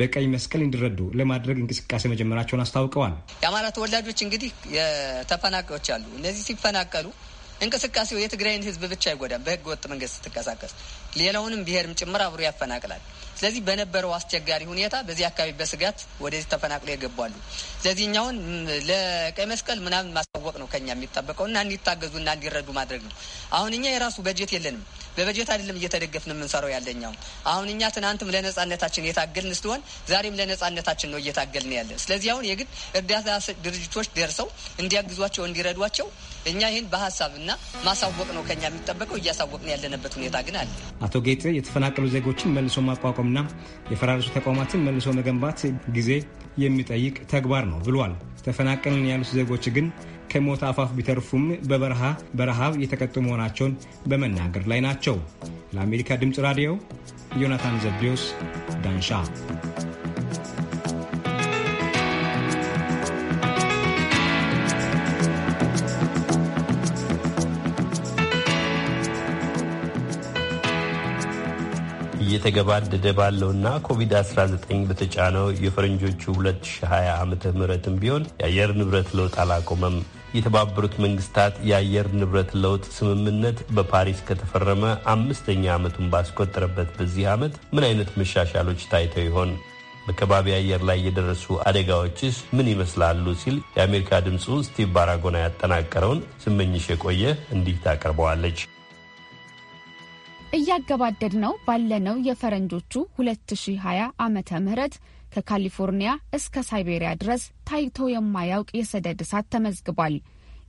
በቀይ መስቀል እንዲረዱ ለማድረግ እንቅስቃሴ መጀመራቸውን አስታውቀዋል። የአማራ ተወላጆች እንግዲህ ተፈናቃዮች አሉ። እነዚህ ሲፈናቀሉ እንቅስቃሴው የትግራይን ህዝብ ብቻ አይጎዳም። በህገ ወጥ መንገድ ስትንቀሳቀስ ሌላውንም ብሔርም ጭምር አብሮ ያፈናቅላል። ስለዚህ በነበረው አስቸጋሪ ሁኔታ በዚህ አካባቢ በስጋት ወደዚህ ተፈናቅሎ የገቧሉ። ስለዚህኛውን ለቀይ መስቀል ምናምን ማሳወቅ ነው ከኛ የሚጠበቀው እና እንዲታገዙ እና እንዲረዱ ማድረግ ነው። አሁን እኛ የራሱ በጀት የለንም። በበጀት አይደለም እየተደገፍን የምንሰራው ያለኛው። አሁን እኛ ትናንትም ለነጻነታችን የታገልን ስትሆን ዛሬም ለነጻነታችን ነው እየታገልን ያለን። ስለዚህ አሁን የግድ እርዳታ ድርጅቶች ደርሰው እንዲያግዟቸው፣ እንዲረዷቸው እኛ ይህን በሀሳብና ማሳወቅ ነው ከኛ የሚጠበቀው። እያሳወቅን ያለንበት ሁኔታ ግን አለ። አቶ ጌጤ የተፈናቀሉ ዜጎችን መልሶ ማቋቋምና የፈራረሱ ተቋማትን መልሶ መገንባት ጊዜ የሚጠይቅ ተግባር ነው ብሏል። ተፈናቀልን ያሉት ዜጎች ግን ከሞት አፋፍ ቢተርፉም በበረሃ በረሃብ የተቀጡ መሆናቸውን በመናገር ላይ ናቸው። ለአሜሪካ ድምፅ ራዲዮ ዮናታን ዘብዴዎስ ዳንሻ እየተገባደደ ባለውና ኮቪድ-19 በተጫነው የፈረንጆቹ 2020 ዓ ምትም ቢሆን የአየር ንብረት ለውጥ አላቆመም። የተባበሩት መንግስታት የአየር ንብረት ለውጥ ስምምነት በፓሪስ ከተፈረመ አምስተኛ ዓመቱን ባስቆጠረበት በዚህ ዓመት ምን አይነት መሻሻሎች ታይተው ይሆን? በከባቢ አየር ላይ የደረሱ አደጋዎችስ ምን ይመስላሉ? ሲል የአሜሪካ ድምፁ ስቲቭ ባራጎና ያጠናቀረውን ስመኝሽ የቆየ እንዲህ ታቀርበዋለች። እያገባደድ ነው ባለነው የፈረንጆቹ 2020 ዓመተ ምህረት ከካሊፎርኒያ እስከ ሳይቤሪያ ድረስ ታይቶ የማያውቅ የሰደድ እሳት ተመዝግቧል።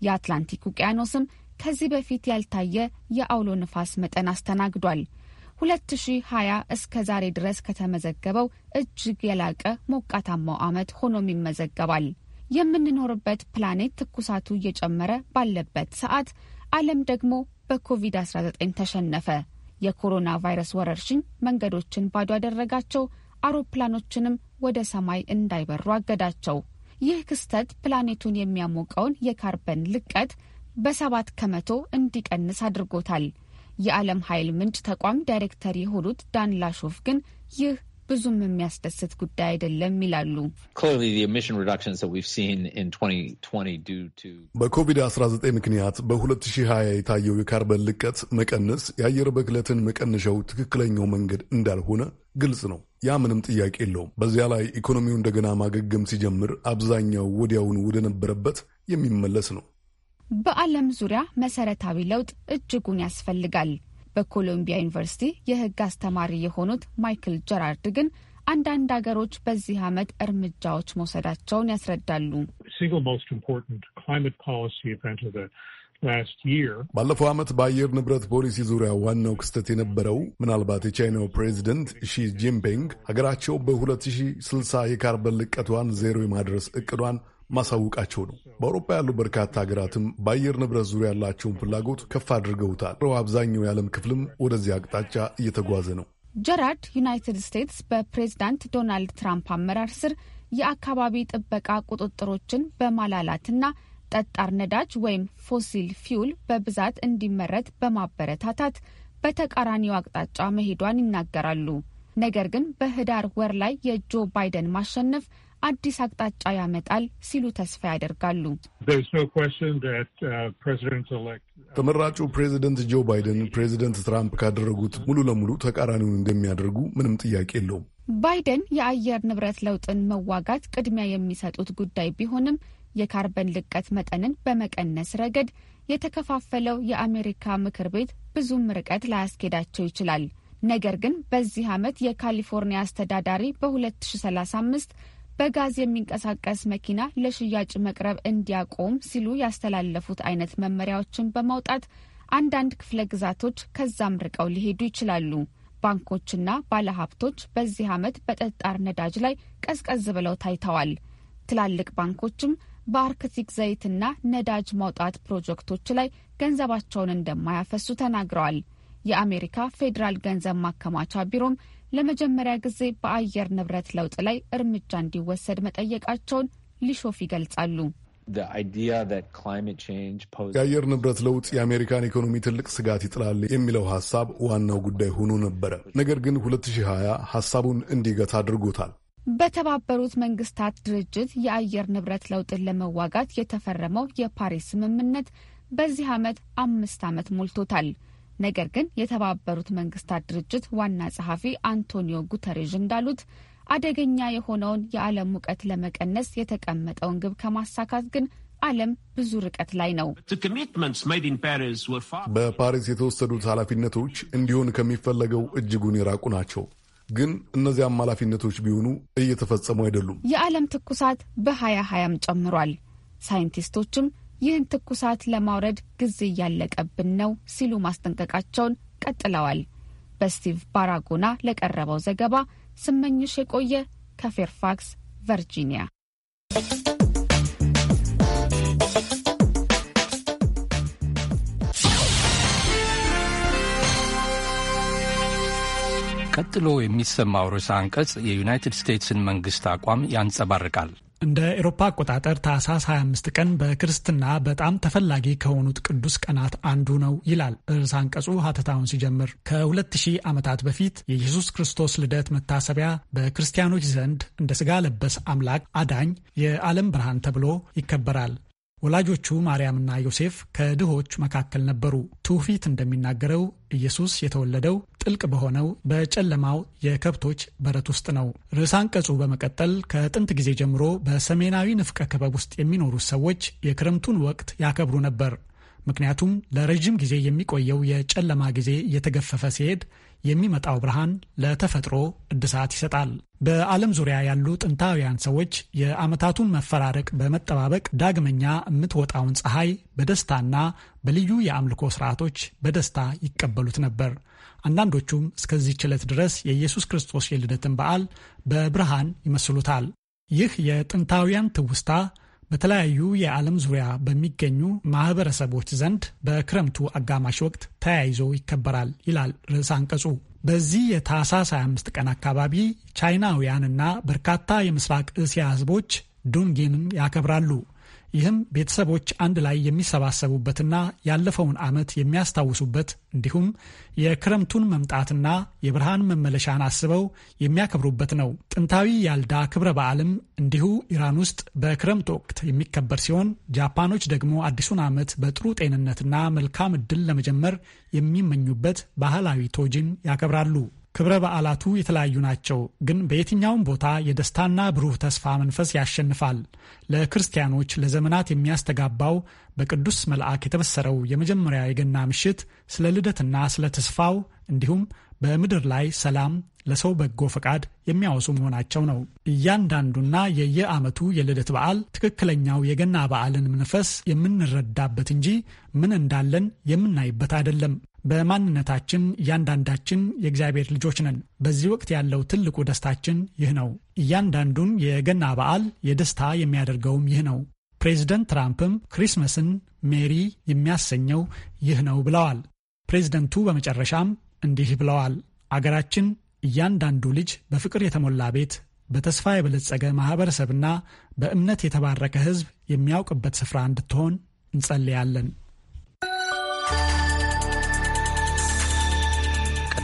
የአትላንቲክ ውቅያኖስም ከዚህ በፊት ያልታየ የአውሎ ንፋስ መጠን አስተናግዷል። 2020 እስከ ዛሬ ድረስ ከተመዘገበው እጅግ የላቀ ሞቃታማው ዓመት ሆኖም ይመዘገባል። የምንኖርበት ፕላኔት ትኩሳቱ እየጨመረ ባለበት ሰዓት ዓለም ደግሞ በኮቪድ-19 ተሸነፈ። የኮሮና ቫይረስ ወረርሽኝ መንገዶችን ባዶ ያደረጋቸው፣ አውሮፕላኖችንም ወደ ሰማይ እንዳይበሩ አገዳቸው። ይህ ክስተት ፕላኔቱን የሚያሞቀውን የካርበን ልቀት በሰባት ከመቶ እንዲቀንስ አድርጎታል። የዓለም ኃይል ምንጭ ተቋም ዳይሬክተር የሆኑት ዳን ላሾፍ ግን ይህ ብዙም የሚያስደስት ጉዳይ አይደለም ይላሉ። በኮቪድ-19 ምክንያት በ2020 የታየው የካርበን ልቀት መቀነስ የአየር ብክለትን መቀነሻው ትክክለኛው መንገድ እንዳልሆነ ግልጽ ነው። ያ ምንም ጥያቄ የለውም። በዚያ ላይ ኢኮኖሚው እንደገና ማገገም ሲጀምር አብዛኛው ወዲያውን ወደነበረበት የሚመለስ ነው። በዓለም ዙሪያ መሰረታዊ ለውጥ እጅጉን ያስፈልጋል። በኮሎምቢያ ዩኒቨርሲቲ የሕግ አስተማሪ የሆኑት ማይክል ጀራርድ ግን አንዳንድ ሀገሮች በዚህ ዓመት እርምጃዎች መውሰዳቸውን ያስረዳሉ። ባለፈው ዓመት በአየር ንብረት ፖሊሲ ዙሪያ ዋናው ክስተት የነበረው ምናልባት የቻይናው ፕሬዚደንት ሺ ጂንፒንግ ሀገራቸው በ2060 የካርበን ልቀቷን ዜሮ የማድረስ እቅዷን ማሳወቃቸው ነው። በአውሮፓ ያሉ በርካታ ሀገራትም በአየር ንብረት ዙሪያ ያላቸውን ፍላጎት ከፍ አድርገውታል። አብዛኛው የዓለም ክፍልም ወደዚህ አቅጣጫ እየተጓዘ ነው። ጀራርድ ዩናይትድ ስቴትስ በፕሬዝዳንት ዶናልድ ትራምፕ አመራር ስር የአካባቢ ጥበቃ ቁጥጥሮችን በማላላትና ጠጣር ነዳጅ ወይም ፎሲል ፊውል በብዛት እንዲመረት በማበረታታት በተቃራኒው አቅጣጫ መሄዷን ይናገራሉ። ነገር ግን በህዳር ወር ላይ የጆ ባይደን ማሸነፍ አዲስ አቅጣጫ ያመጣል ሲሉ ተስፋ ያደርጋሉ። uh, uh, ተመራጩ ፕሬዚደንት ጆ ባይደን ፕሬዚደንት ትራምፕ ካደረጉት ሙሉ ለሙሉ ተቃራኒውን እንደሚያደርጉ ምንም ጥያቄ የለውም። ባይደን የአየር ንብረት ለውጥን መዋጋት ቅድሚያ የሚሰጡት ጉዳይ ቢሆንም የካርበን ልቀት መጠንን በመቀነስ ረገድ የተከፋፈለው የአሜሪካ ምክር ቤት ብዙም ርቀት ላያስኬዳቸው ይችላል። ነገር ግን በዚህ ዓመት የካሊፎርኒያ አስተዳዳሪ በ2035 በጋዝ የሚንቀሳቀስ መኪና ለሽያጭ መቅረብ እንዲያቆም ሲሉ ያስተላለፉት አይነት መመሪያዎችን በማውጣት አንዳንድ ክፍለ ግዛቶች ከዛም ርቀው ሊሄዱ ይችላሉ። ባንኮችና ባለሀብቶች በዚህ ዓመት በጠጣር ነዳጅ ላይ ቀዝቀዝ ብለው ታይተዋል። ትላልቅ ባንኮችም በአርክቲክ ዘይትና ነዳጅ ማውጣት ፕሮጀክቶች ላይ ገንዘባቸውን እንደማያፈሱ ተናግረዋል። የአሜሪካ ፌዴራል ገንዘብ ማከማቻ ቢሮም ለመጀመሪያ ጊዜ በአየር ንብረት ለውጥ ላይ እርምጃ እንዲወሰድ መጠየቃቸውን ሊሾፍ ይገልጻሉ። የአየር ንብረት ለውጥ የአሜሪካን ኢኮኖሚ ትልቅ ስጋት ይጥላል የሚለው ሀሳብ ዋናው ጉዳይ ሆኖ ነበረ። ነገር ግን 2020 ሀሳቡን እንዲገታ አድርጎታል። በተባበሩት መንግስታት ድርጅት የአየር ንብረት ለውጥን ለመዋጋት የተፈረመው የፓሪስ ስምምነት በዚህ ዓመት አምስት ዓመት ሞልቶታል። ነገር ግን የተባበሩት መንግስታት ድርጅት ዋና ጸሐፊ አንቶኒዮ ጉተሬዥ እንዳሉት አደገኛ የሆነውን የዓለም ሙቀት ለመቀነስ የተቀመጠውን ግብ ከማሳካት ግን ዓለም ብዙ ርቀት ላይ ነው። በፓሪስ የተወሰዱት ኃላፊነቶች እንዲሆን ከሚፈለገው እጅጉን የራቁ ናቸው። ግን እነዚያም ኃላፊነቶች ቢሆኑ እየተፈጸሙ አይደሉም። የዓለም ትኩሳት በ2020ም ጨምሯል። ሳይንቲስቶችም ይህን ትኩሳት ለማውረድ ጊዜ እያለቀብን ነው ሲሉ ማስጠንቀቃቸውን ቀጥለዋል። በስቲቭ ባራጎና ለቀረበው ዘገባ ስመኝሽ የቆየ ከፌርፋክስ ቨርጂኒያ። ቀጥሎ የሚሰማው ርዕሰ አንቀጽ የዩናይትድ ስቴትስን መንግሥት አቋም ያንጸባርቃል። እንደ ኤሮፓ አቆጣጠር ታህሳስ 25 ቀን በክርስትና በጣም ተፈላጊ ከሆኑት ቅዱስ ቀናት አንዱ ነው ይላል እርስ አንቀጹ ሀተታውን ሲጀምር። ከ2000 ዓመታት በፊት የኢየሱስ ክርስቶስ ልደት መታሰቢያ በክርስቲያኖች ዘንድ እንደ ስጋ ለበስ አምላክ አዳኝ፣ የዓለም ብርሃን ተብሎ ይከበራል። ወላጆቹ ማርያምና ዮሴፍ ከድሆች መካከል ነበሩ። ትውፊት እንደሚናገረው ኢየሱስ የተወለደው ጥልቅ በሆነው በጨለማው የከብቶች በረት ውስጥ ነው። ርዕሰ አንቀጹ በመቀጠል ከጥንት ጊዜ ጀምሮ በሰሜናዊ ንፍቀ ክበብ ውስጥ የሚኖሩ ሰዎች የክረምቱን ወቅት ያከብሩ ነበር። ምክንያቱም ለረዥም ጊዜ የሚቆየው የጨለማ ጊዜ እየተገፈፈ ሲሄድ የሚመጣው ብርሃን ለተፈጥሮ እድሳት ይሰጣል። በዓለም ዙሪያ ያሉ ጥንታውያን ሰዎች የዓመታቱን መፈራረቅ በመጠባበቅ ዳግመኛ የምትወጣውን ፀሐይ በደስታና በልዩ የአምልኮ ስርዓቶች በደስታ ይቀበሉት ነበር። አንዳንዶቹም እስከዚህ ችለት ድረስ የኢየሱስ ክርስቶስ የልደትን በዓል በብርሃን ይመስሉታል። ይህ የጥንታውያን ትውስታ በተለያዩ የዓለም ዙሪያ በሚገኙ ማህበረሰቦች ዘንድ በክረምቱ አጋማሽ ወቅት ተያይዞ ይከበራል ይላል ርዕስ አንቀጹ። በዚህ የታህሳስ 25 ቀን አካባቢ ቻይናውያንና በርካታ የምስራቅ እስያ ህዝቦች ዱንጌንን ያከብራሉ። ይህም ቤተሰቦች አንድ ላይ የሚሰባሰቡበትና ያለፈውን ዓመት የሚያስታውሱበት እንዲሁም የክረምቱን መምጣትና የብርሃን መመለሻን አስበው የሚያከብሩበት ነው። ጥንታዊ ያልዳ ክብረ በዓልም እንዲሁ ኢራን ውስጥ በክረምት ወቅት የሚከበር ሲሆን ጃፓኖች ደግሞ አዲሱን ዓመት በጥሩ ጤንነትና መልካም ዕድል ለመጀመር የሚመኙበት ባህላዊ ቶጂን ያከብራሉ። ክብረ በዓላቱ የተለያዩ ናቸው፣ ግን በየትኛውም ቦታ የደስታና ብሩህ ተስፋ መንፈስ ያሸንፋል። ለክርስቲያኖች ለዘመናት የሚያስተጋባው በቅዱስ መልአክ የተበሰረው የመጀመሪያ የገና ምሽት ስለ ልደትና ስለ ተስፋው እንዲሁም በምድር ላይ ሰላም ለሰው በጎ ፈቃድ የሚያወሱ መሆናቸው ነው። እያንዳንዱና የየዓመቱ የልደት በዓል ትክክለኛው የገና በዓልን መንፈስ የምንረዳበት እንጂ ምን እንዳለን የምናይበት አይደለም። በማንነታችን እያንዳንዳችን የእግዚአብሔር ልጆች ነን። በዚህ ወቅት ያለው ትልቁ ደስታችን ይህ ነው። እያንዳንዱን የገና በዓል የደስታ የሚያደርገውም ይህ ነው። ፕሬዚደንት ትራምፕም ክሪስመስን ሜሪ የሚያሰኘው ይህ ነው ብለዋል። ፕሬዚደንቱ በመጨረሻም እንዲህ ብለዋል። አገራችን እያንዳንዱ ልጅ በፍቅር የተሞላ ቤት፣ በተስፋ የበለጸገ ማኅበረሰብና በእምነት የተባረከ ሕዝብ የሚያውቅበት ስፍራ እንድትሆን እንጸልያለን።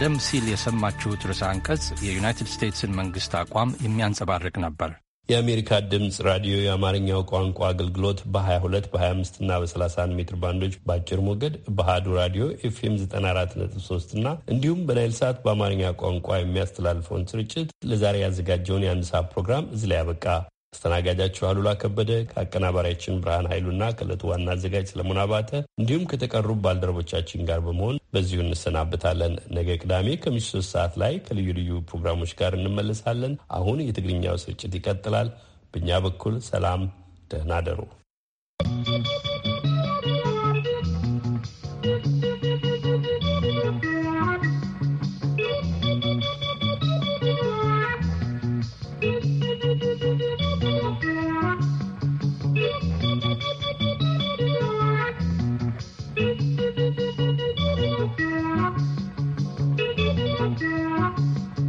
ቀደም ሲል የሰማችሁት ርዕሰ አንቀጽ የዩናይትድ ስቴትስን መንግስት አቋም የሚያንጸባርቅ ነበር። የአሜሪካ ድምፅ ራዲዮ የአማርኛው ቋንቋ አገልግሎት በ22 በ25 እና በ31 ሜትር ባንዶች በአጭር ሞገድ በሃዱ ራዲዮ ኤፍኤም 94.3 እና እንዲሁም በናይል ሰዓት በአማርኛ ቋንቋ የሚያስተላልፈውን ስርጭት ለዛሬ ያዘጋጀውን የአንድ ሰዓት ፕሮግራም እዚህ ላይ ያበቃ። አስተናጋጃችሁ አሉላ ከበደ ከአቀናባሪያችን ብርሃን ኃይሉና ከእለቱ ዋና አዘጋጅ ሰለሞን አባተ እንዲሁም ከተቀሩ ባልደረቦቻችን ጋር በመሆን በዚሁ እንሰናብታለን። ነገ ቅዳሜ ከምሽቱ ሶስት ሰዓት ላይ ከልዩ ልዩ ፕሮግራሞች ጋር እንመለሳለን። አሁን የትግርኛው ስርጭት ይቀጥላል። በእኛ በኩል ሰላም፣ ደህና ደሩ።